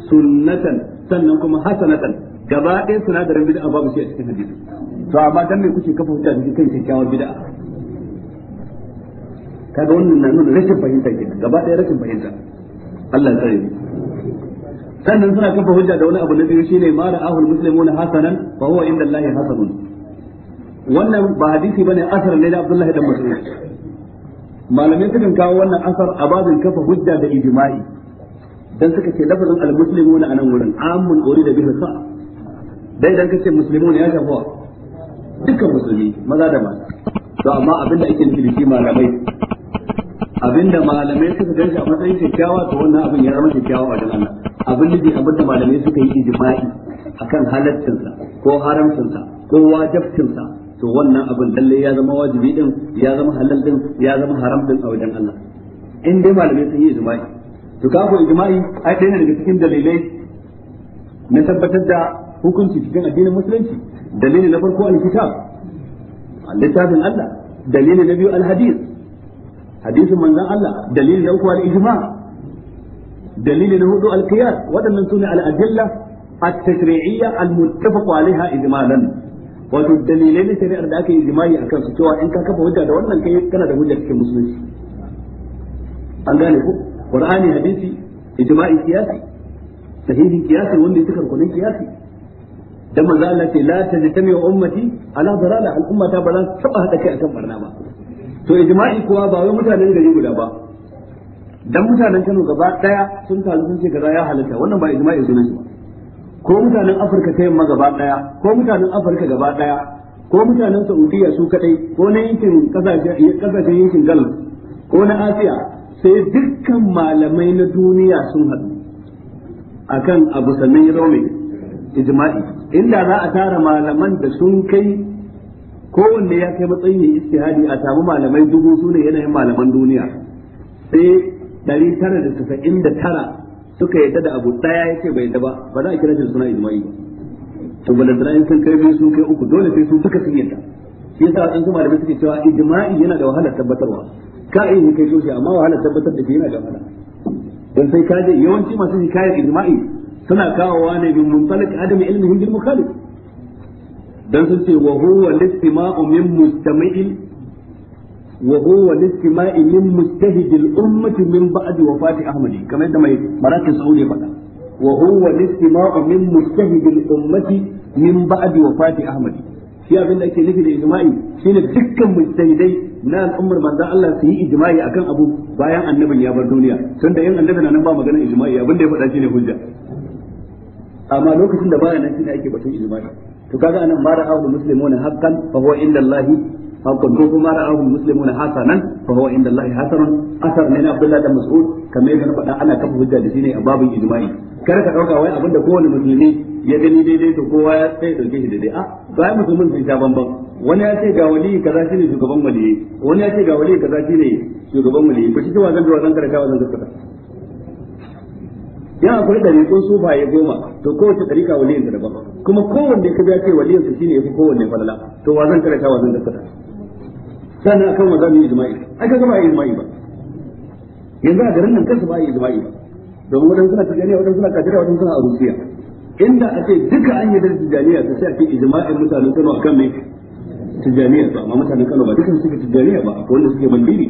[SPEAKER 1] sunnatan sannan kuma hasanatan gaba ɗaya sinadarin bid'a babu shi a cikin hadisi to amma dan me kuke kafa hujja da kan kyakkyawar bid'a kaga wannan na nuna rashin fahimta kenan gaba ɗaya rashin fahimta Allah ya tsare sannan suna kafa hujja da wani abu na biyu shine ma ra'ahul muslimuna hasanan fa huwa inda Allah hasanun wannan ba hadisi bane asar ne da Abdullahi da Mas'ud malamai sukan kawo wannan asar a babin kafa hujja da ijma'i dan suka ce lafazin al-muslimuna anan wurin amun da bihi sa dai dan kace muslimuna ya shafa dukkan musulmi maza da mata to amma abinda ake nufi da shi malamai abinda malamai suka ganshi a matsayin kyakkyawa to wannan abin ya zama kyakkyawa a wajen Allah abin nufi abin da malamai suka yi ijma'i akan halattinsa ko haramcinsa ko wajabcinsa to wannan abin lalle ya zama wajibi din ya zama halal din ya zama haram din a wajen Allah in dai malamai sun yi ijma'i to ko ijma'i ai dai ne daga cikin dalilai na tabbatar da hukunci cikin addinin musulunci dalili na farko al-kitab littafin Allah dalili na biyu al-hadith hadisin manzon Allah dalili na uku al-ijma' dalili na hudu al-qiyas waɗannan sune al-adilla at-tashri'iyya al-muttafaq 'alayha wato dalilai na shari'ar da aka yi jima'i a kansu cewa in ka kafa hujja da wannan kai kana da hujja cikin musulunci an gane ku qur'ani hadisi ijma'i qiyasi sahihi kiyasi wanda yake rukunin kiyasi. dan manzo Allah ce la tajtami ummati ala dalala al ummata ba za ta taba hada kai akan barna ba to ijma'i kuwa ba wai mutanen gari guda ba dan mutanen Kano gaba daya sun taru sun ce kaza ya halatta wannan ba ijma'i sunan shi ba ko mutanen Afirka ta yamma gaba daya ko mutanen Afirka gaba daya ko mutanen Saudiya su kadai ko na yankin kasashen yankin Gulf ko na Asiya sai dukkan malamai na duniya sun haɗu akan abu sannan ya zama ijma'i inda za a tara malaman da sun kai kowanne ya kai matsayin istihadi a samu malamai dubu su yanayin malaman duniya sai ɗari tara da tasa'in da tara suka yadda da abu ɗaya ya bai yadda ba ba za a kira shi da suna ijma'i ba to ba da tsanani sun kai biyu sun kai uku dole sai su duka sun yadda shi yasa wadan su malamai suke cewa ijma'i yana da wahalar tabbatarwa ka yi kai so shi amma wahalar tabbatar da shi yana da wahala dan sai ka je yawanci masu hikayar ijma'i suna kawowa ne bin muntalaq adami ilmihim bil mukhalif dan sun ce wa huwa listima'u min mustami'in وهو الاستماع من مجتهد الأمة من بعد وفاة أحمد كما يدمى مراكز سعودية بقى وهو الاستماع من مجتهد الأمة من بعد وفاة أحمد shi abin ake nufi da ijma'i shine dukkan mujtahidai na al'ummar manzon Allah su yi ijma'i akan abu bayan annabin ya bar duniya tunda yan annabi nan ba magana ijma'i abin da ya faɗa shine hujja amma lokacin da baya nan shine ake batun ijma'i to kaga anan ma ra'ahu muslimuna haqqan fa huwa aw kan ko kuma ra'ahu muslimuna hasanan fa huwa inda Allah hasanun asar ne na Abdullah da Mas'ud kamar yadda na faɗa ana kafa hujja da shi ne a babin ijma'i kar ka dauka wai abinda kowane musulmi ya gani daidai to kowa ya sai dauke shi daidai a ba musulmin sun sha bamban wani ya ce ga wali kaza shine shugaban wali wani ya ce ga wali kaza shine shugaban wali ba shi wazan da wazan karanta wazan gaskata yana akwai ɗariƙun sufaye goma to kowace ɗariƙa waliyin ta daban kuma kowanne ka ya ce waliyin sa shine yafi kowanne falala to wazan sannan a wa zamu yi jima'i, ai kaga yi jima'i ba yanzu a garin nan kansa ba yi jima'i ba domin wadan suna tijaniya wadan suna kajira wadan suna arusiya inda a ce duka an yi da tijaniya ta sai a ce ijma'in mutanen Kano akan me tijaniya ba amma mutanen Kano ba dukkan suke tijaniya ba akwai wanda suke mandiri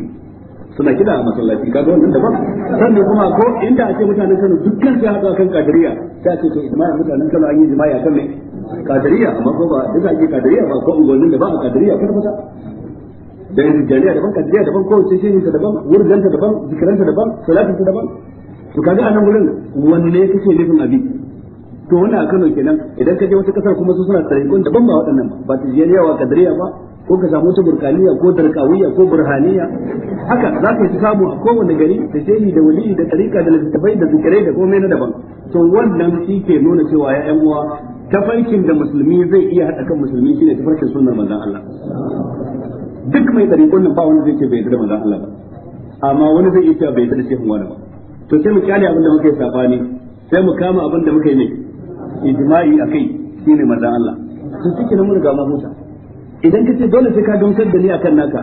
[SPEAKER 1] suna kida a masallaci kaga wannan daban sannan kuma ko inda a ce mutanen Kano dukkan su haɗu kan kajiriya sai a ce to ijma'in mutanen Kano an yi ijma'i akan me kadiriya amma ko ba duka ake kadiriya ba ko ungonin da ba a kadiriya kwata dan tijaniya daban kadiriya daban ko sai shehin ta daban wurganta daban zikiranta daban salatin ta daban to kaga nan gurin wanne kake laifin abi to wannan a Kano kenan idan ka je wata kasar kuma su suna tarikun daban ba waɗannan ba ba tijaniya wa kadiriya ba ko ka samu wata burkaniya ko darkawiya ko burhaniya haka za ka yi samu a kowane gari da shehi da waliyi da tarika da littattafai da zikirai da komai na daban to wannan shi ke nuna cewa ya yan uwa tafarkin da musulmi zai iya haɗa kan musulmi shine tafarkin sunnar manzon Allah duk mai tsari nan fa wani zai ce bai yarda da Allah ba amma wani zai iya bai yarda da shehun wani ba to sai mu kyale abin da muka yi sabani sai mu kama abin da muka yi ne ijma'i shi ne manzon Allah to suke na mun ga ma huta idan ka ce dole sai ka gamsar da ni akan naka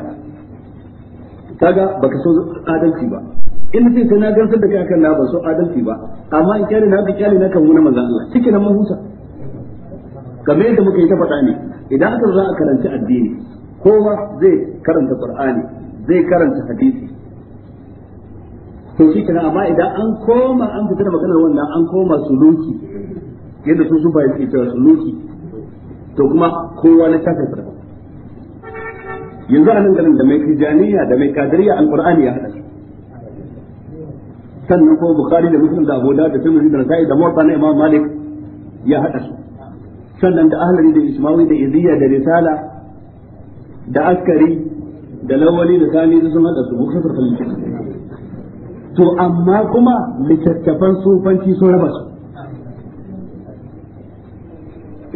[SPEAKER 1] kaga baka so adalci ba in ce sai na gamsar da kai akan na ba so adalci ba amma in kyale na ka kyale na kan wani manzon Allah suke na mun huta kamar yadda muka yi ta faɗa ne idan aka zo a karanci addini kowa zai karanta qur'ani zai karanta hadisi to shi kenan amma idan an koma an fita da maganar wannan an koma suluki yadda su su bayan cewa suluki to kuma kowa na tafi sarfa yanzu anan nan garin da mai tijaniya da mai kadiriya alqur'ani ya hada sannan ko bukhari da muslim da abu da da tirmidhi da nasa'i da muwatta na imam malik ya hada su sannan da ahlari da ismawi da iziya da risala da askari da lawali da sani sun hada su muktasar falin to amma kuma littattafan sufanci sun raba su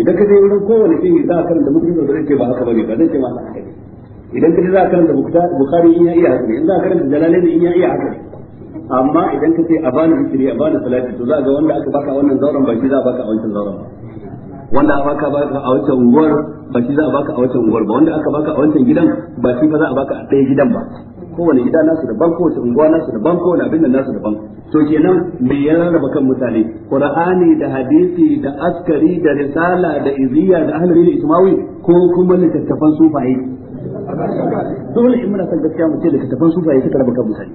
[SPEAKER 1] idan ka je wurin kowane shi za a karanta mutum da ce ba haka bane ba zan ce ma haka idan ka je za a karanta bukari in ya iya haka ne in za a karanta jalalaini in ya iya haka ne amma idan ka ce a bani zikiri a bani salati to za a ga wanda aka baka wannan zauren baki za a baka a wancan zauren ba wanda a baka baka a wancan unguwar ba shi za a baka a wancan unguwar ba wanda aka baka a wancan gidan ba shi ba za a baka a ɗaya gidan ba kowane gida nasu banko wace unguwa nasu banko wani abin da nasu banko to kenan me ya rarraba kan mutane qur'ani da hadisi da askari da risala da iziya da ahlul ismawi ko kuma littattafan sufaye dole in muna san gaskiya mu ce littattafan sufaye suka raba kan mutane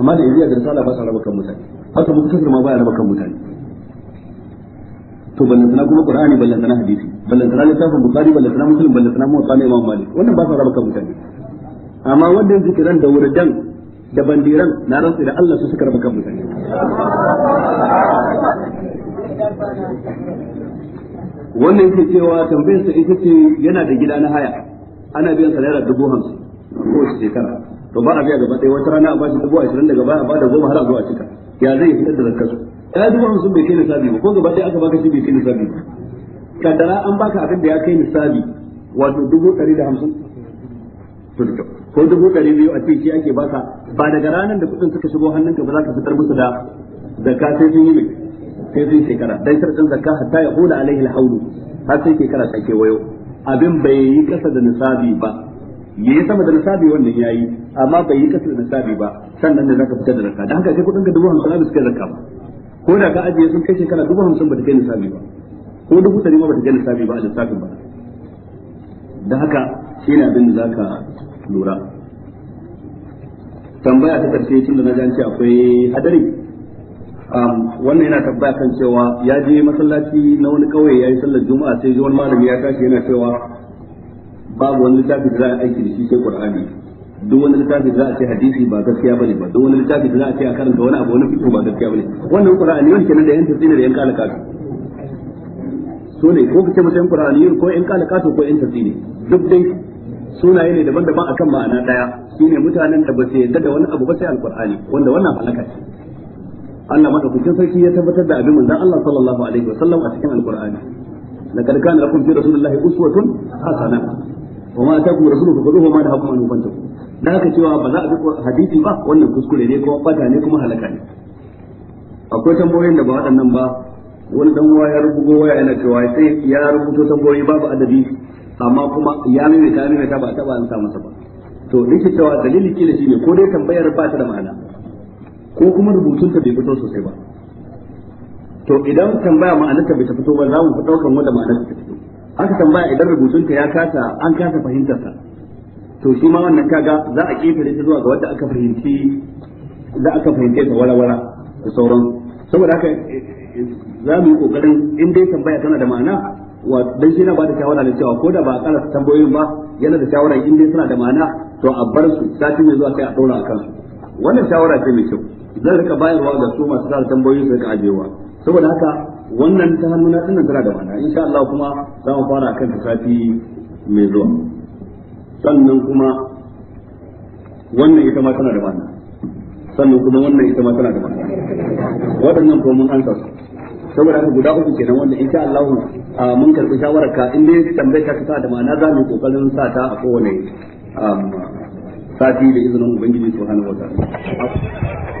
[SPEAKER 1] amma da iziya da risala ba sa raba kan mutane haka mutum kafir ma ba ya raba kan mutane to ballantana kuma qur'ani ballantana hadisi ballantana littafin bukhari ballantana muslim ballantana muwatta na imam malik wannan ba sa raba kan mutane amma wanda yake kiran da wurdan da bandiran na rantsa da Allah su suka raba kan mutane wannan yake cewa tambayar sa ita ce yana da gida na haya ana biyan sa naira dubu hamsin kowace shekara to ba a biya gaba ɗaya wata rana a bashi dubu ashirin da gaba a bada goma har a zuwa cika ya zai fitar da zakkarsu ya dubu hamsin bai kai nisabi ba ko gaba ɗaya aka baka shi bai kai nisabi ba kaddara an baka abin da ya kai nisabi wato dubu ɗari da hamsin to ko dubu ɗari biyu a ce shi ake baka ba daga ranar da kuɗin suka shigo hannunka ba za ka fitar musu da zakka sai sun yi mai sai sun shekara dan sharɗin zakka hatta ya hula alaihi alhaulu har sai shekara ta ke wayo abin bai yi kasa da nisabi ba ya yi sama da nisabi wannan ya yi amma bai yi kasa da nisabi ba sannan ne zaka fitar da zakka dan haka sai kuɗin ka dubu hamsin ba su kai zakka ba ko da ka ajiye sun kai shekara dubu hamsin ba ta kai nisabi ba ko dubu ɗari ma ba ta kai nisabi ba a lissafin ba da haka shi ne abin da za ka lura tambaya ta ƙarshe tun da na ji an ce akwai hadari wannan yana tambaya kan cewa ya je masallaci na wani kauye ya yi sallar juma'a sai zuwan malami ya tashi yana cewa babu wani littafi da za a aiki da shi sai qur'ani duk wani littafi za a ce hadisi ba gaskiya bane ba duk wani littafi za a ce a karanta wani abu wani fito ba gaskiya bane wannan qur'ani wani kenan da yan tafsiri da yan kala kafi so ne ko kace mutum qur'ani ko yan kala kafi ko yan tafsiri duk dai sunaye ne daban-daban akan ma'ana daya shine mutanen da ba su yarda da wani abu ba sai alqur'ani wanda wannan halaka ce Allah madaukakin sarki ya tabbatar da abin manzon Allah sallallahu alaihi wasallam a cikin alqur'ani laqad kana lakum fi rasulillahi uswatun hasana وما أتاكم رسوله فخذوه وما نهاكم عنه فانتهوا da haka cewa ba za a bi hadisi ba wannan kuskure ne kuma fata ne kuma halaka ne akwai tambayoyin da ba waɗannan ba wani dan waya ya rubugo waya yana cewa sai ya rubuto tambayoyi babu adadi amma kuma ya maimaita ta ba ta ba an masa ba to nake cewa dalili kila shine ko dai tambayar ba ta da ma'ana ko kuma rubutunta bai fito sosai ba to idan tambaya ma'anarta bai ta fito ba za mu fi ɗaukan wanda ma'ana ta fito haka tambaya idan rubutunta ya kasa an kasa fahimtarsa to shi ma wannan kaga za a kefere ta zuwa ga wanda aka fahimci za aka fahimce ta wala-wala da sauran saboda haka za mu yi kokarin in dai tambaya tana da ma'ana wa dan shi na ba da shawara da cewa ko da ba a karasa tambayoyin ba yana da shawara in dai suna da ma'ana to a bar su sati mai zuwa sai a daura a kansu wannan shawara ce mai kyau zan rika bayarwa ga su masu tsara tambayoyin su rika ajewa saboda haka wannan ta hannuna dinnan tana da ma'ana insha Allah kuma za mu fara akan ta sati mai zuwa sannan kuma wannan ita ma tana da ma'ana sannan kuma wannan ita ma tana da ma'ana waɗannan ko mun ansa su saboda haka guda uku kenan wanda insha Allah mun karɓi shawarar ka in dai tambayar ka sa da ma'ana za mu kokarin sa ta a kowane um, sati da izinin ubangiji subhanahu wa ta'ala